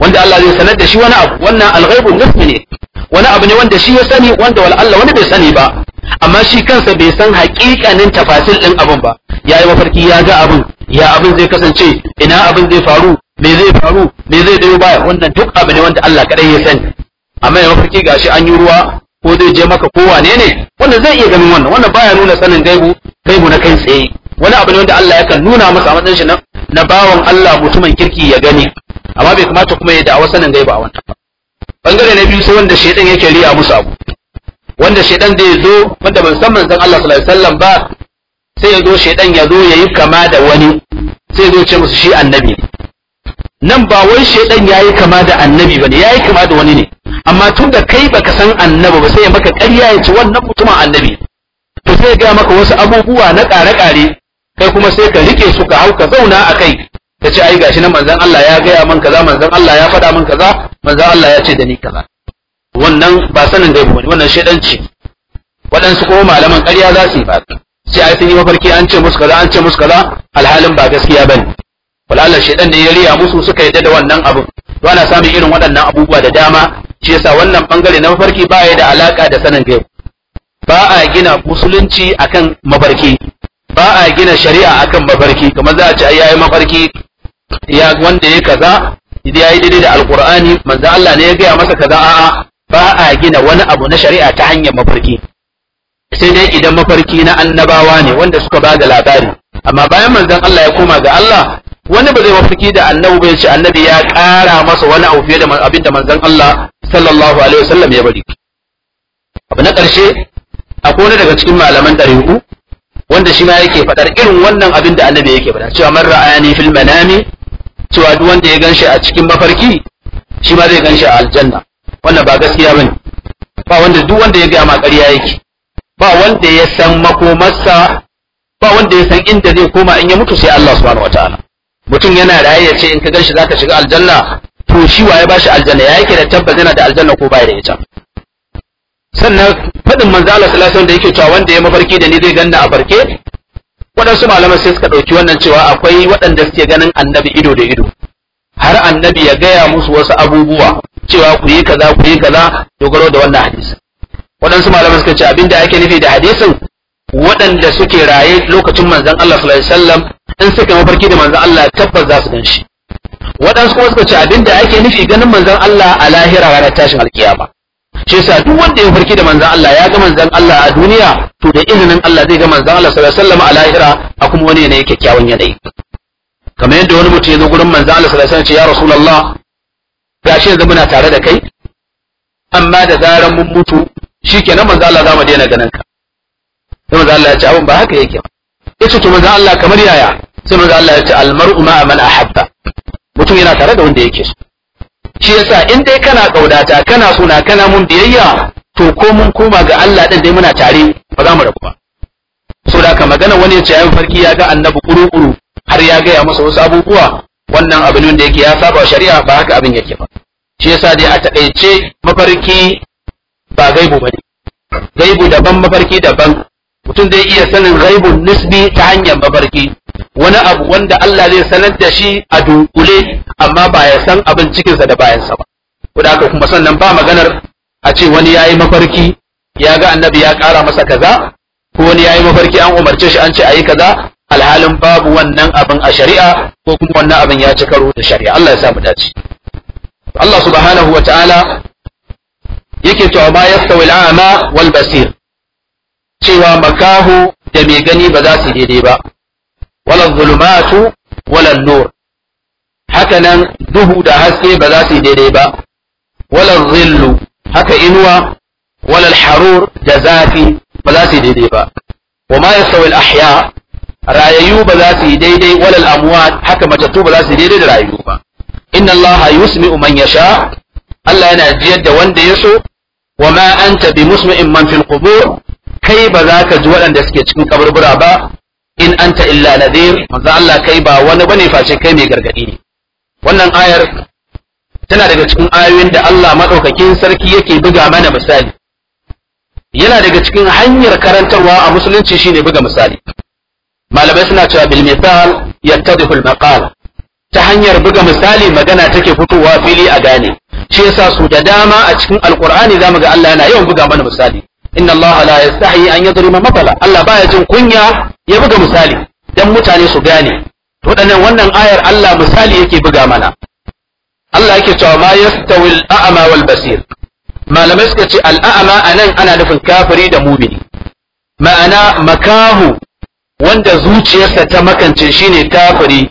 wanda Allah zai sanar da shi wani abu wannan alghaibul ghaibi ne wani abu ne wanda shi ya sani wanda wal Allah wani bai sani ba amma shi kansa bai san haƙiƙanin tafasil ɗin abin ba Ya yi mafarki ya ga abin ya abin zai kasance ina abin zai faru me zai faru me zai dawo baya wannan duk abu ne wanda Allah kadai ya sani amma ya mafarki gashi an yi ruwa ko zai je maka ko wane ne wanda zai iya ganin wannan wannan baya nuna sanin gaibu gaibu na kai tsaye wani abu ne wanda Allah yakan nuna masa a matsayin shi na bawan Allah mutumin kirki ya gani amma bai kamata kuma ya da'awa sanin gaiba a wannan bangare na biyu sai wanda shaidan yake riya musu abu wanda shedan zai zo wanda ban san manzon Allah sallallahu alaihi wasallam ba sai ya zo shaidan ya zo yayi kama da wani sai ya zo ce musu shi annabi nan ba wai ya yayi kama da annabi bane yayi kama da wani ne amma tun da kai baka san annabi ba sai ya maka ƙarya ya ce wannan mutumin annabi to sai ya ga maka wasu abubuwa na ƙare-ƙare kai kuma sai ka rike su ka hau ka zauna a kai ta ce ai gashi na manzan Allah ya gaya man kaza manzan Allah ya faɗa man kaza manzan Allah ya ce da ni kaza wannan ba sanin gaibu ne, wannan ce waɗansu kuma malaman ƙarya za su yi ba sai ai sun yi mafarki an ce musu kaza an ce musu kaza alhalin ba gaskiya bane walalar shedan ne ya riya musu suka yadda da wannan abu to ana samun irin waɗannan abubuwa da dama shi yasa wannan bangare na mafarki ba ya da alaka da sanin gaibu ba a gina musulunci akan mafarki ba a gina shari'a akan mafarki kamar za a ce ai yayi mafarki ya wanda ya kaza idan yi daidai da alqur'ani manzo Allah ne ya gaya masa kaza a'a ba a gina wani abu na shari'a ta hanyar mafarki sai dai idan mafarki na annabawa ne wanda suka ba da labari amma bayan manzon Allah ya koma ga Allah wani ba zai mafarki da annabi bai ce annabi ya ƙara masa wani abu fiye da abin da manzon Allah sallallahu alaihi wasallam ya bari abu na ƙarshe akwai wani daga cikin malaman ɗari uku? wanda shi ma yake faɗar irin wannan abin da annabi yake faɗa cewa man ra'ayani fil manami cewa duk wanda ya ganshi a cikin mafarki shi ma zai ganshi a aljanna wannan ba gaskiya bane ba wanda duk wanda ya ga ma ƙarya yake ba wanda ya san makomarsa ba wanda ya san inda zai koma in ya mutu sai Allah subhanahu wataala mutum yana raye ya ce in ka ganshi zaka shiga aljanna to shi waye ba shi aljanna ya yake da tabbas yana da aljanna ko ba da ita sannan faɗin manzo Allah sallallahu alaihi wasallam da yake cewa wanda ya mafarki da ni zai ganna a farke waɗansu malaman sai suka ɗauki wannan cewa akwai waɗanda suke ganin annabi ido da ido har annabi ya gaya musu wasu abubuwa cewa ku yi kaza ku yi kaza dogaro da wannan hadisi waɗansu malaman suka ce abin da ake nufi da hadisin waɗanda suke raye lokacin manzon Allah sallallahu alaihi wasallam in suka mafarki da manzon Allah tabbas za su ganshi waɗansu kuma suka ce abin da ake nufi ganin manzon Allah a lahira ranar tashin alkiyama shi yasa duk wanda ya farki da manzon Allah ya ga manzon Allah a duniya to da izinin Allah zai ga manzon Allah sallallahu alaihi wasallam a lahira a kuma wani yanayi kyakkyawan yanayi kamar yadda wani mutum ya zo gurin manzon Allah sallallahu alaihi wasallam ce ya rasulullah gashi yanzu muna tare da kai amma da zaran mun mutu shikenan manzon Allah za mu daina ganin ka sai manzon Allah ya ce abin ba haka yake ba yace to manzon Allah kamar yaya sai manzon Allah ya ce al mar'u ma'a man ahabba mutum yana tare da wanda yake so shi yasa in dai kana ƙaudata, kana suna kana mun biyayya to ko mun koma ga Allah din dai muna tare ba za mu rabu ba so da ka magana wani ya ce farki ya ga annabi kuru har ya gaya masa wasu abubuwa wannan abin da yake ya saba shari'a ba haka abin yake ba shi yasa dai a takaice mafarki ba gaibu bane gaibu daban mafarki daban mutum zai iya sanin gaibun nisbi ta hanyar mafarki wani abu wanda Allah zai sanar da shi a dunkule amma ba ya san abin cikinsa da bayansa ba kuda haka kuma sannan ba maganar a ce wani ya yi mafarki ya ga annabi ya ƙara masa kaza ko wani ya yi mafarki an umarce shi an ce a yi kaza alhalin babu wannan abin a shari'a ko kuma wannan abin ya ci karo da shari'a Allah ya samu dace Allah subhanahu wa ta'ala yake cewa ma yastawi al-a'ma wal basir cewa makahu da mai gani ba za su daidai ba wala zulumatu wala nur haka nan duhu da haske ba za su daidai ba wala zillu haka inuwa wala harur da zafi ba za su daidai ba wa ma yasawi ahya rayayu ba za su daidai wala amwat haka matattu ba za su daidai da rayayu ba inna allaha yusmi'u man yasha Allah yana jiyar da wanda ya so wa ma anta bi musmi'in man fil qubur kai ba za ka ji waɗanda suke cikin kaburbura ba in anta illa nadir, manzo Allah kai ba wani bane face kai mai gargadi ne wannan ayar tana daga cikin ayoyin da Allah madaukakin sarki yake buga mana misali yana daga cikin hanyar karantarwa a musulunci shine buga misali malamai suna cewa bil misal yattadihu al maqal ta hanyar buga misali magana take fitowa fili a gane shi yasa su da dama a cikin alqur'ani zamu ga Allah yana yawan buga mana misali inna Allah la yastahi an yadrima mathala Allah baya jin kunya ya buga misali dan mutane su gane waɗannan wannan ayar Allah misali yake buga mana Allah yake cewa ma yastawi al-a'ma wal basir malamai suka ce al-a'ma anan ana nufin kafiri da mumini ma'ana makahu wanda zuciyarsa ta makance shine kafiri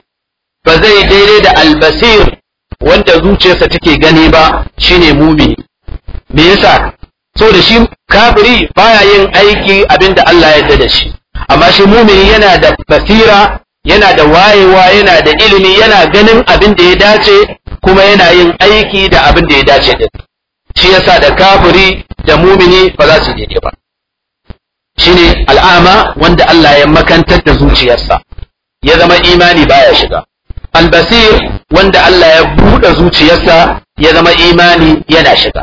ba zai daidai da albasir wanda zuciyarsa take gani ba shine mumini me yasa so da shi kafiri baya yin aiki abinda Allah ya yarda da shi amma shi mumini yana da basira yana da wayewa yana da ilimi yana ganin abin da ya dace kuma yana yin aiki da abin da ya dace din shi yasa da kafiri da mumini ba za su daidai ba shine al'ama wanda Allah ya makantar da zuciyarsa ya zama imani baya shiga albasir wanda Allah ya buɗe zuciyarsa ya zama imani yana shiga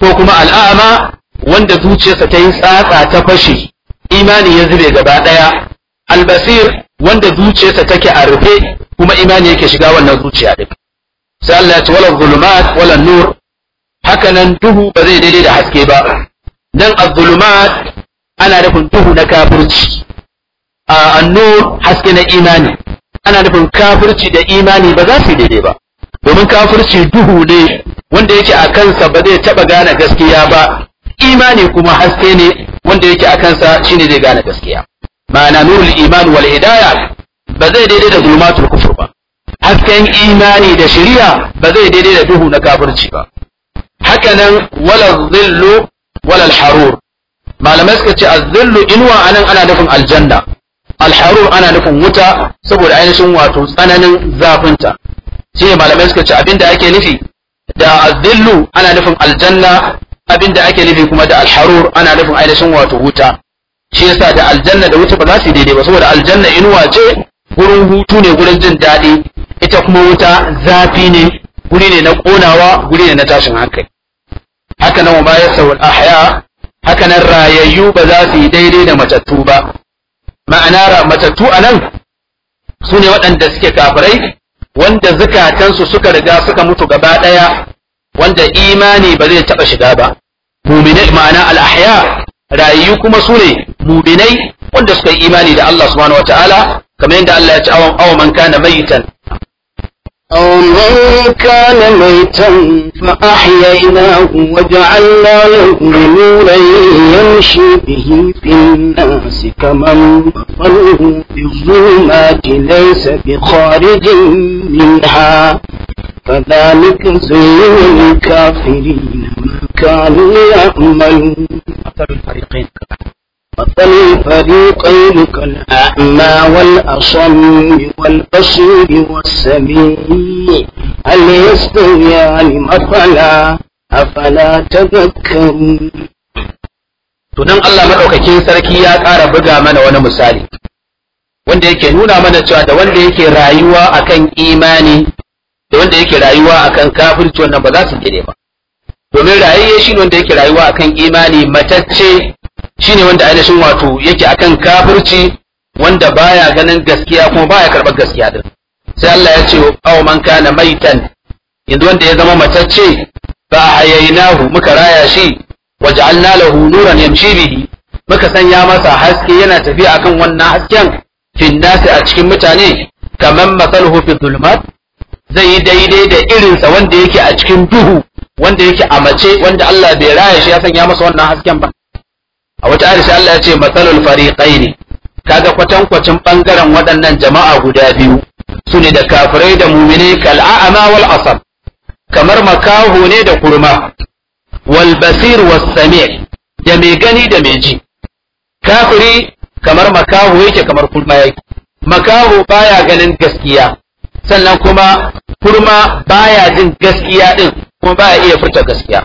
ko kuma al'ama wanda zuciyarsa ta yi tsatsa ta fashe imani ya zube gaba ɗaya albasir wanda zuciyarsa take a rufe kuma imani yake shiga wannan zuciya din sai Allah ya ce wala zulumat wala nur haka nan duhu ba zai daidai da haske ba dan az-zulumat ana nufin duhu na kafirci a annur haske na imani ana nufin kafirci da imani ba za su daidai ba domin kafirci duhu ne wanda yake a kansa ba zai taba gane gaskiya ba imani kuma haske ne wanda yake a kansa shine zai gane gaskiya ma'ana nurul iman wal hidaya ba zai daidai da zulumatul kufur ba hasken imani da shari'a ba zai daidai da duhu na kafirci ba hakanan wala zillu wala harur malamai suka ce azzillu inuwa anan ana nufin aljanna alharur ana nufin wuta saboda ainihin wato tsananin zafinta shi malamai suka ce abinda ake nufi da azzillu ana nufin aljanna abin da ake nufi kuma da alharur ana nufin ainihin wato wuta shi yasa da aljanna da wuta ba za su daidai ba saboda aljanna inuwa ce gurin hutu ne gurin jin daɗi ita kuma wuta zafi ne guri ne na ƙonawa guri ne na tashin hankali haka nan ba ya sau ahya haka nan rayayyu ba za su yi daidai da matattu ba ma'ana matattu a nan su ne waɗanda suke kafirai wanda zukatansu suka riga suka mutu gaba ɗaya wanda imani ba zai taba shiga ba muminai ma'ana al-ahya rayu kuma sune muminai wanda suka yi imani da Allah subhanahu wataala kamar yadda Allah ya ce awa man kana maytan man mayitan أو من كان wa ja'alna lahu nuran yamshi bihi fil في الناس كمن bi في laysa bi kharijin minha كذلك زين الكافرين ما كانوا يعملون مثل الفريقين مثل الفريقين كالأعمى والأصم والبصير والسميع هل يستويان مثلا أفلا تذكرون to nan Allah madaukakin sarki ya ƙara buga mana wani misali wanda yake nuna mana cewa da wanda yake rayuwa akan imani wanda yake rayuwa akan kafirci wannan ba za su daidai ba domin rayayye ne wanda yake rayuwa akan imani matacce shi ne wanda ainihin wato yake akan kafirci wanda baya ganin gaskiya kuma baya karɓar gaskiya din sai Allah ya ce aw man kana maitan yanzu wanda ya zama matacce ba hayainahu muka raya shi waj'alna lahu nuran yamshi bihi muka sanya masa haske yana tafiya akan wannan hasken fin a cikin mutane kamar masaluhu fi dhulumat zai yi daidai da irinsa wanda yake a cikin duhu wanda yake a mace wanda Allah bai raya shi ya sanya masa wannan hasken ba a wata ayar Allah ya ce matsalul fariqaini kaga kwatankwacin bangaren waɗannan jama'a guda biyu su ne da kafirai da kal kal'a'ama wal asab kamar makaho ne da kurma wal basir was sami' da mai gani da mai ji kafiri kamar makaho yake kamar kurma yake makaho baya ganin gaskiya sannan kuma kurma baya jin gaskiya din kuma baya iya furta gaskiya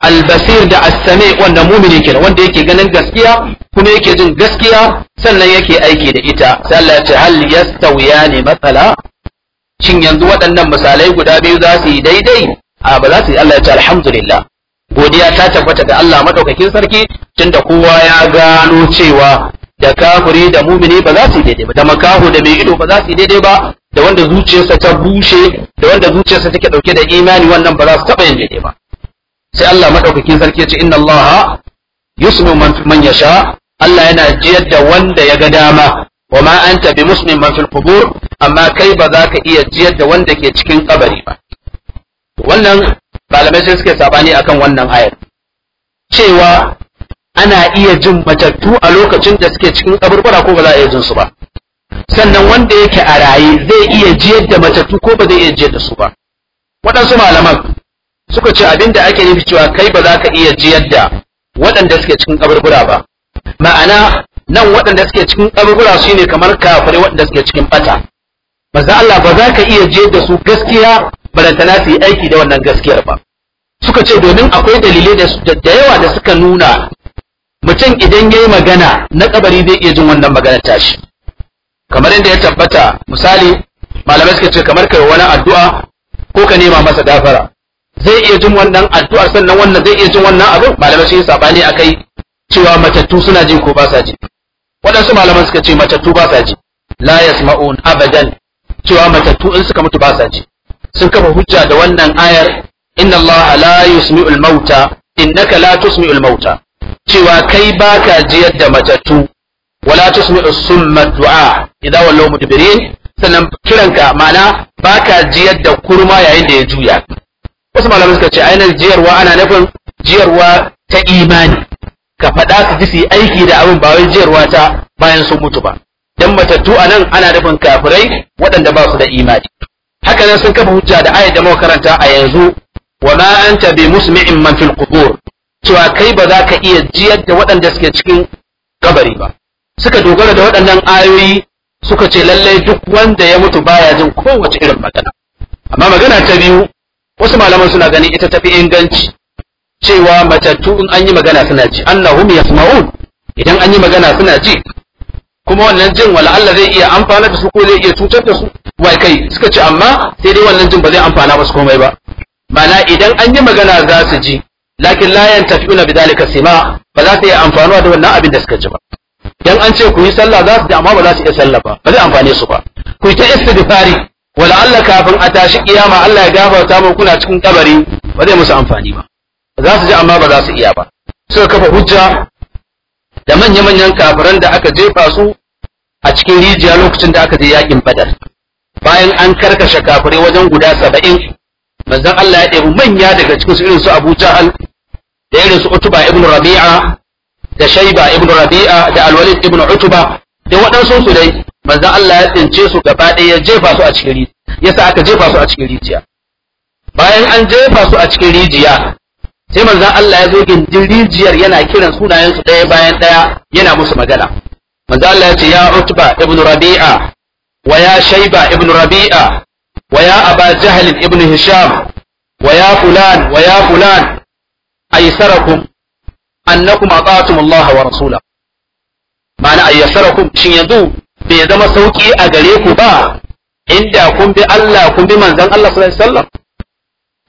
albasir da assame wanda mumini kenan wanda yake ganin gaskiya kuma yake jin gaskiya sannan yake aiki da ita sai Allah ya ce hal matsala shin yanzu waɗannan misalai guda biyu za su yi daidai a ba za su yi Allah ya ce alhamdulillah godiya ta tabbata ga Allah madaukakin sarki tunda kowa ya gano cewa da kafiri da mumini ba za su yi daidai ba da makaho da mai ido ba za su yi daidai ba da wanda zuciyarsa ta bushe da wanda zuciyarsa take dauke da imani wannan ba za su taba yin daidai ba sai Allah madaukakin sarki ya ce inna Allah yusmi man yasha Allah yana jiyar da wanda ya ga dama wa ma anta bi muslim man fil qubur amma kai ba za ka iya jiyar da wanda ke cikin kabari ba wannan malamai sai suke sabani akan wannan ayar cewa ana iya jin matattu a lokacin da suke cikin kaburbura ko ba za a iya jin su ba sannan wanda yake a raye zai iya jiyar da matattu ko ba zai iya jiyar da su ba waɗansu malaman suka ce abin da ake nufi cewa kai ba za ka iya jiyar da waɗanda suke cikin kaburbura ba ma'ana nan waɗanda suke cikin kaburbura su ne kamar kafirai waɗanda suke cikin bata maza Allah ba za ka iya jiyar da su gaskiya barantana su yi aiki da wannan gaskiyar ba suka ce domin akwai dalilai da yawa da suka nuna mutum idan ya yi magana na kabari zai iya jin wannan magana tashi kamar inda ya tabbata misali malamai suka ce kamar kai wani addu'a ko ka nema masa gafara zai iya jin wannan addu'ar sannan wannan zai iya jin wannan abu malamai sun yi sabani akai cewa matattu suna ji ko ba sa ji waɗansu malaman suka ce matattu ba sa ji la yasma'un abadan cewa matattu in suka mutu ba sa ji sun kafa hujja da wannan ayar inna Allah la yusmi'ul mauta innaka la tusmi'ul mauta cewa kai baka jiyar da matattu wala tusmi'u summa du'a idza wallaw mudbirin sannan kiranka ma'ana baka jiyar da kurma yayin da ya juya wasu malamai suka ce ainihin jiyarwa ana nufin jiyarwa ta imani ka faɗa su ji su aiki da abin ba wai jiyarwa ta bayan sun mutu ba dan matattu anan ana nufin kafirai waɗanda ba su da imani haka nan sun kafa hujja da ayat da muka karanta a yanzu wa ma anta bi musmi'in man fil qubur cewa kai ba za ka iya jiyar da waɗanda suke cikin kabari ba suka dogara da waɗannan ayoyi suka ce lallai duk wanda ya mutu baya jin kowace irin magana amma magana ta biyu wasu malaman suna gani ita tafi inganci cewa matattu in an yi magana suna ji annahum yasma'un idan an yi magana suna ji kuma wannan jin wala Allah zai iya amfana da su ko zai iya cutar da su wai kai suka ce amma sai dai wannan jin ba zai amfana ba su komai ba mana idan an yi magana za su ji lakin la yantafi'una bidhalika sima ba za su yi amfanuwa da wannan abin da suka ji ba dan an ce ku yi sallah za su ji amma ba za su iya sallah ba ba zai amfane su ba ku yi ta istighfari wala Allah kafin a tashi kiyama Allah ya gafarta mu kuna cikin kabari ba zai musu amfani ba za su ji amma ba za su iya ba suka kafa hujja da manya-manyan kafiran da aka jefa su a cikin rijiya lokacin da aka je yakin badar bayan an karkashe kafirai wajen guda saba'in manzon Allah ya ɗebi manya daga cikin su irin su Abu Jahal da irin su utuba ibn rabi'a da shaiba ibn rabi'a da alwalid ibn utuba da waɗansu su dai manzo Allah ya tsince su gaba ɗaya ya jefa su a cikin rijiya yasa aka jefa su a cikin rijiya bayan an jefa su a cikin rijiya sai manzo Allah ya zo gindin rijiyar yana kiran sunayen su ɗaya bayan ɗaya yana musu magana manzo Allah ya ce ya utba ibn rabi'a wa ya shaiba ibn rabi'a wa ya aba jahl ibn hisham wa ya fulan wa ya fulan aysarakum annakum ata'tum Allah wa rasula ma'ana aysarakum shin yanzu bai zama sauki a gare ku ba inda kun bi Allah kun bi manzon Allah sallallahu alaihi wasallam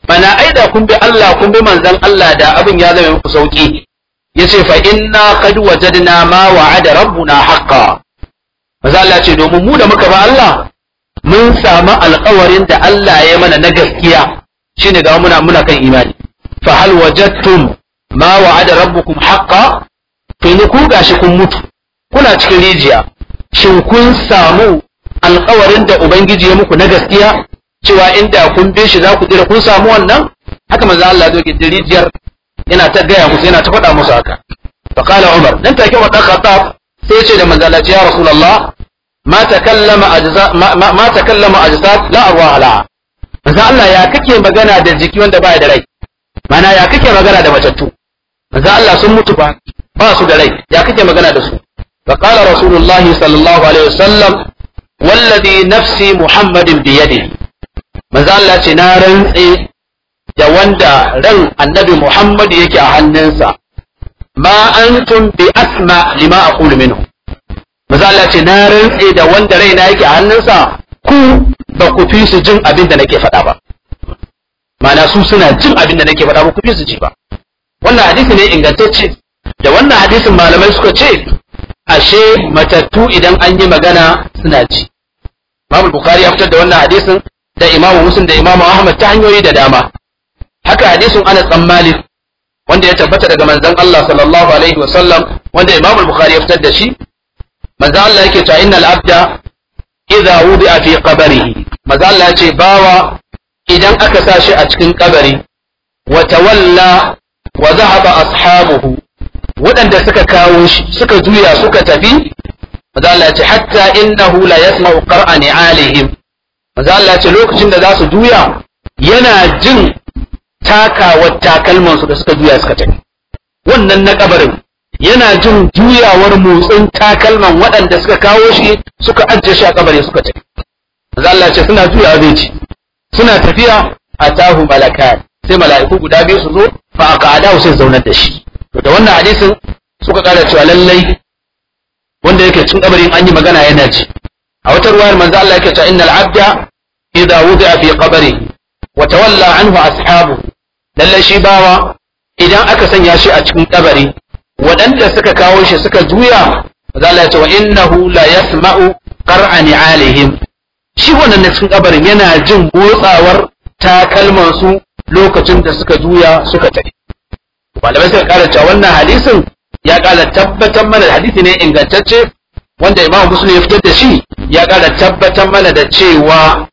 mana da kun bi Allah kun bi manzon Allah da abin ya zama muku sauki yace fa inna qad wajadna ma wa'ada rabbuna haqqan maza Allah ce domin mu da muka ba Allah mun samu alƙawarin da Allah ya mana na gaskiya shine ga muna muna kan imani fahal wajadtum ma wa'ada rabbukum haqqa to ne ku gashi kun mutu kuna cikin rijiya shin kun samu alƙawarin da ubangiji ya muku na gaskiya cewa inda kun bi shi za ku tsira kun samu wannan haka manzo Allah ya doke rijiyar yana ta gaya musu yana ta faɗa musu haka fa qala umar dan take wa dan khattab sai ce da manzo Allah ya rasulullah ma takallama ajza ma takallama ajsad la arwaha la manzo Allah ya kake magana da jiki wanda baya da rai mana ya kake magana da matattu manzo Allah sun mutu ba ba su da rai ya kake magana da su fa qala rasulullahi sallallahu alaihi wasallam wallazi nafsi muhammadin bi yadihi manzo Allah ce na rantsi da wanda ran annabi muhammad yake a hannunsa ma antum bi asma lima aqulu minhu manzo Allah ce na rantsi da wanda raina yake a hannunsa ku ba ku fi su jin abin da nake faɗa ba ma'ana su suna jin abin da nake faɗa ba kuma su ji ba wannan hadisi ne ingantacce da wannan hadisin malamai suka ce ashe matattu idan an yi magana suna ji Imam Bukhari ya fitar da wannan hadisin da Imam Muslim da Ahmad ta hanyoyi da dama haka hadisin Anas bin Malik wanda ya tabbata daga manzon Allah sallallahu alaihi wa sallam wanda Imam Bukhari ya fitar da shi manzon Allah yake cewa innal abda idza wudi'a fi qabrihi manzon Allah ya ce bawa idan aka sa shi a cikin kabari wa tawalla wa zahaba ashabuhu waɗanda suka kawo shi suka juya suka tafi maza Allah ce hatta innahu la yasma'u qur'an alihim maza Allah ce lokacin da za su juya yana jin takawar takalman su da suka juya suka tafi wannan na kabarin yana jin juyawar motsin takalman waɗanda suka kawo shi suka ajiye shi a kabari suka tafi maza Allah ce suna juya zai ci suna tafiya a tahu malakan sai mala'iku guda biyu su zo fa aqadahu sai zaunar da shi to da wannan hadisin suka kara cewa lallai wanda yake cin kabarin an yi magana yana ji a wata ruwayar manzo Allah yake cewa innal abda idza wudi'a fi qabrihi wa tawalla anhu ashabu lallai shi bawa idan aka sanya shi a cikin kabari waɗanda suka kawo shi suka juya manzo Allah ya ce wa innahu la yasma'u qar'ani alihim shi wannan na cikin kabarin yana jin motsawar takalman su lokacin da suka juya suka tafi malamai suka kara cewa wannan hadisin ya kara tabbatar mana hadisi ne ingantacce wanda imamu muslim ya fitar da shi ya kara tabbatar mana da cewa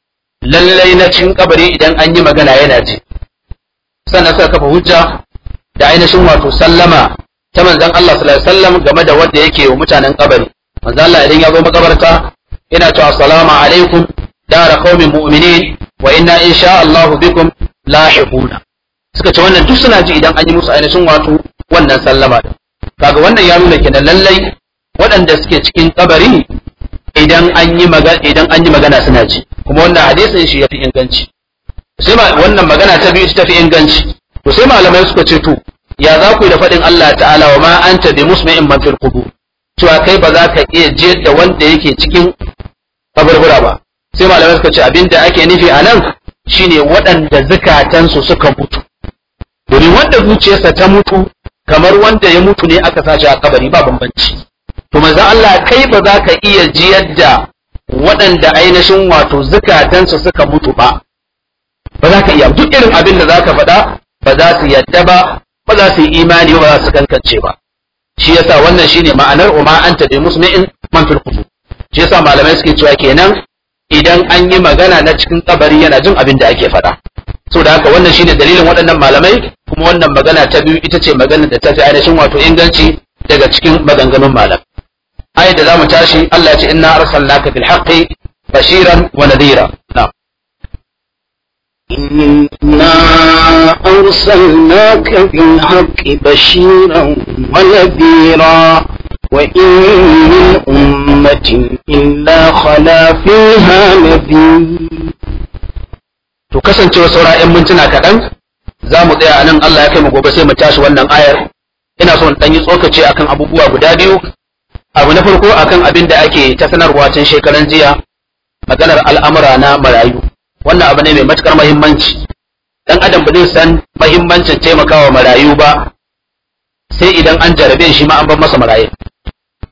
lallai na cikin kabari idan an yi magana yana ji sannan suka kafa hujja da ainihin wato sallama ta manzon Allah sallallahu alaihi wasallam game da wanda yake wa mutanen kabari manzon Allah idan ya zo makabarta ina cewa salama alaikum dara kaumin mu'minin wa inna insha Allah bikum lahiquna suka ce wannan duk suna ji idan an yi musu ainihin wato wannan sallama din kaga wannan ya nuna kenan lallai waɗanda suke cikin kabari idan an yi magana idan an yi magana suna ji kuma wannan hadisin shi yafi inganci sai wannan magana ta biyu ta fi inganci to sai malamai suka ce to ya za ku yi da faɗin Allah ta'ala wa ma anta bi musmi'in man fil qubur cewa kai ba za ka iya jiyar da wanda yake cikin kaburbura ba sai malamai suka ce abinda ake nufi a nan shine waɗanda zukatansu suka mutu domin wanda zuciyarsa ta mutu kamar wanda ya mutu ne aka sace a kabari ba bambanci to manzo Allah kai ba za ka iya jiyar da waɗanda ainihin wato zukatansu suka mutu ba ba za ka iya duk irin abin da za ka faɗa ba za su yadda ba ba za su yi imani ba za su kankance ba shi yasa wannan shine ma'anar umma anta bi musmi'in man fil qubur shi yasa malamai suke cewa kenan idan an yi magana na cikin kabari yana jin abin da ake faɗa so da haka wannan shine dalilin waɗannan malamai kuma wannan magana ta biyu ita ce magana da ta fi ainihin wato inganci daga cikin maganganun malam ayat da zamu tashi Allah ya ce inna arsalnaka bil haqqi bashiran wa nadira na'am إنا أرسلناك بالحق بشيرا ونذيرا وإن من أمة إلا خلا فيها نذير to kasancewa saura ‘yan mintuna kaɗan za mu tsaya anan Allah ya kai mu gobe sai mu tashi wannan ayar ina son ɗan yi tsokace akan abubuwa guda biyu abu na farko akan abin da ake ta sanarwa tun shekaran jiya maganar al'amura na marayu wannan abu ne mai matukar muhimmanci. dan adam ba zai san muhimmancin taimakawa marayu ba sai idan an jarabe shi ma an bar masa marayu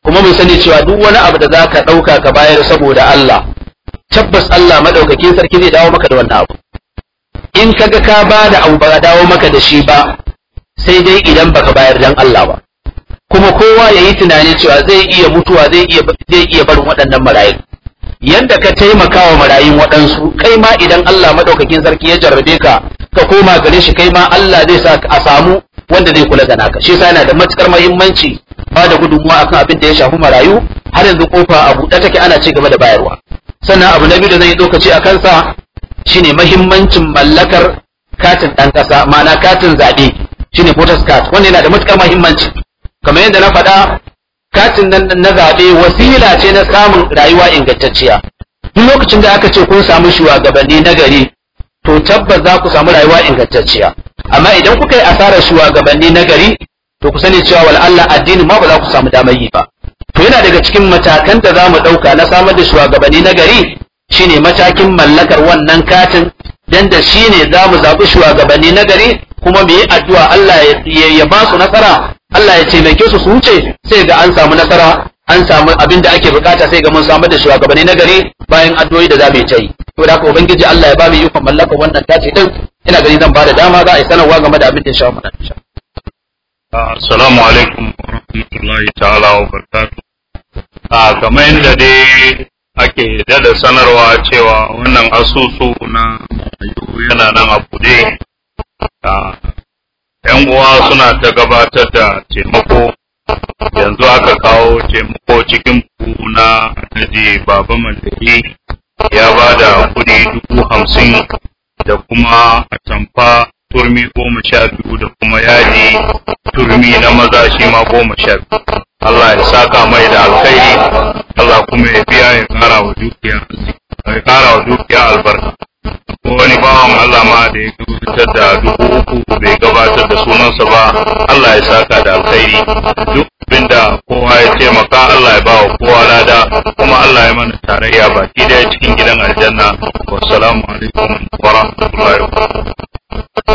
kuma mu sani cewa duk wani abu da za ka ɗauka ka bayar saboda Allah tabbas Allah maɗaukakin sarki zai dawo maka da wannan abu in ka ga ka ba da abu ba dawo maka da shi ba sai dai idan baka bayar dan Allah ba kuma kowa ya yi tunanin cewa zai iya mutuwa zai iya zai iya barin waɗannan marayun yanda ka taimaka wa marayun waɗansu kai ma idan Allah maɗaukakin sarki ya jarrabe ka ka koma gare shi kai ma Allah zai sa a samu wanda zai kula da naka shi yasa yana da matukar muhimmanci ba da gudunmuwa akan abin da ya shafi marayu har yanzu kofa a buɗe take ana ci gaba da bayarwa sannan abu na biyu da zan yi tsokaci a kansa shine mahimmancin mallakar katin ɗan ƙasa ma'ana katin zaɓe shine voters card wanda yana da matuƙar mahimmanci kamar yadda na faɗa katin nan na zaɓe wasila ce na samun rayuwa ingantacciya duk lokacin da aka ce kun samu shugabanni na gari to tabbas za ku samu rayuwa ingantacciya amma idan kuka yi asarar shugabanni na gari to ku sani cewa Allah addini ma ba za ku samu damar yi ba to yana daga cikin matakan da za mu ɗauka na samar da shugabanni na gari shine matakin mallakar wannan katin dan da ne za mu zaɓi shugabanni na gari kuma mu yi addu'a Allah ya ba su nasara Allah ya taimake su su wuce sai ga an samu nasara an samu abin da ake bukata sai ga mun samar da shugabanni na gari bayan addu'o'i da za mu yi tai to da haka ubangiji Allah ya ba mu ikon mallaka wannan tace ɗin? ina gani zan ba da dama za a yi sanarwa game da abin da ya shawo mana Assalamu alaikum warahmatullahi ta'ala wa barakatu. A kamar yadda dai ake dada sanarwa cewa wannan asusu na yana nan a buɗe. ‘Yan uwa suna ta gabatar da taimako, yanzu aka kawo taimako cikin buhu na Alhaji Baba Mandari ya ba da kuɗi dubu hamsin da kuma atamfa turmi goma sha biyu da kuma yaji turmi na maza shi ma goma sha biyu Allah ya saka mai da alkhairi Allah kuma ya biya ya kara wa dukiya ya kara wa dukiya albarka wani bawan Allah ma da ya gabatar da dubu uku bai gabatar da sunansa ba Allah ya saka da alkhairi duk binda kowa ya taimaka Allah ya bawa kowa lada kuma Allah ya mana tarayya baki daya cikin gidan aljanna wassalamu alaikum wa rahmatullahi wa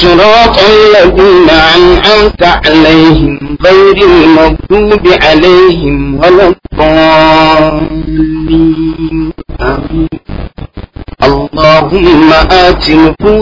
صراط الذين أنعمت عليهم غير المغضوب عليهم ولا الضالين اللهم آت نفوسنا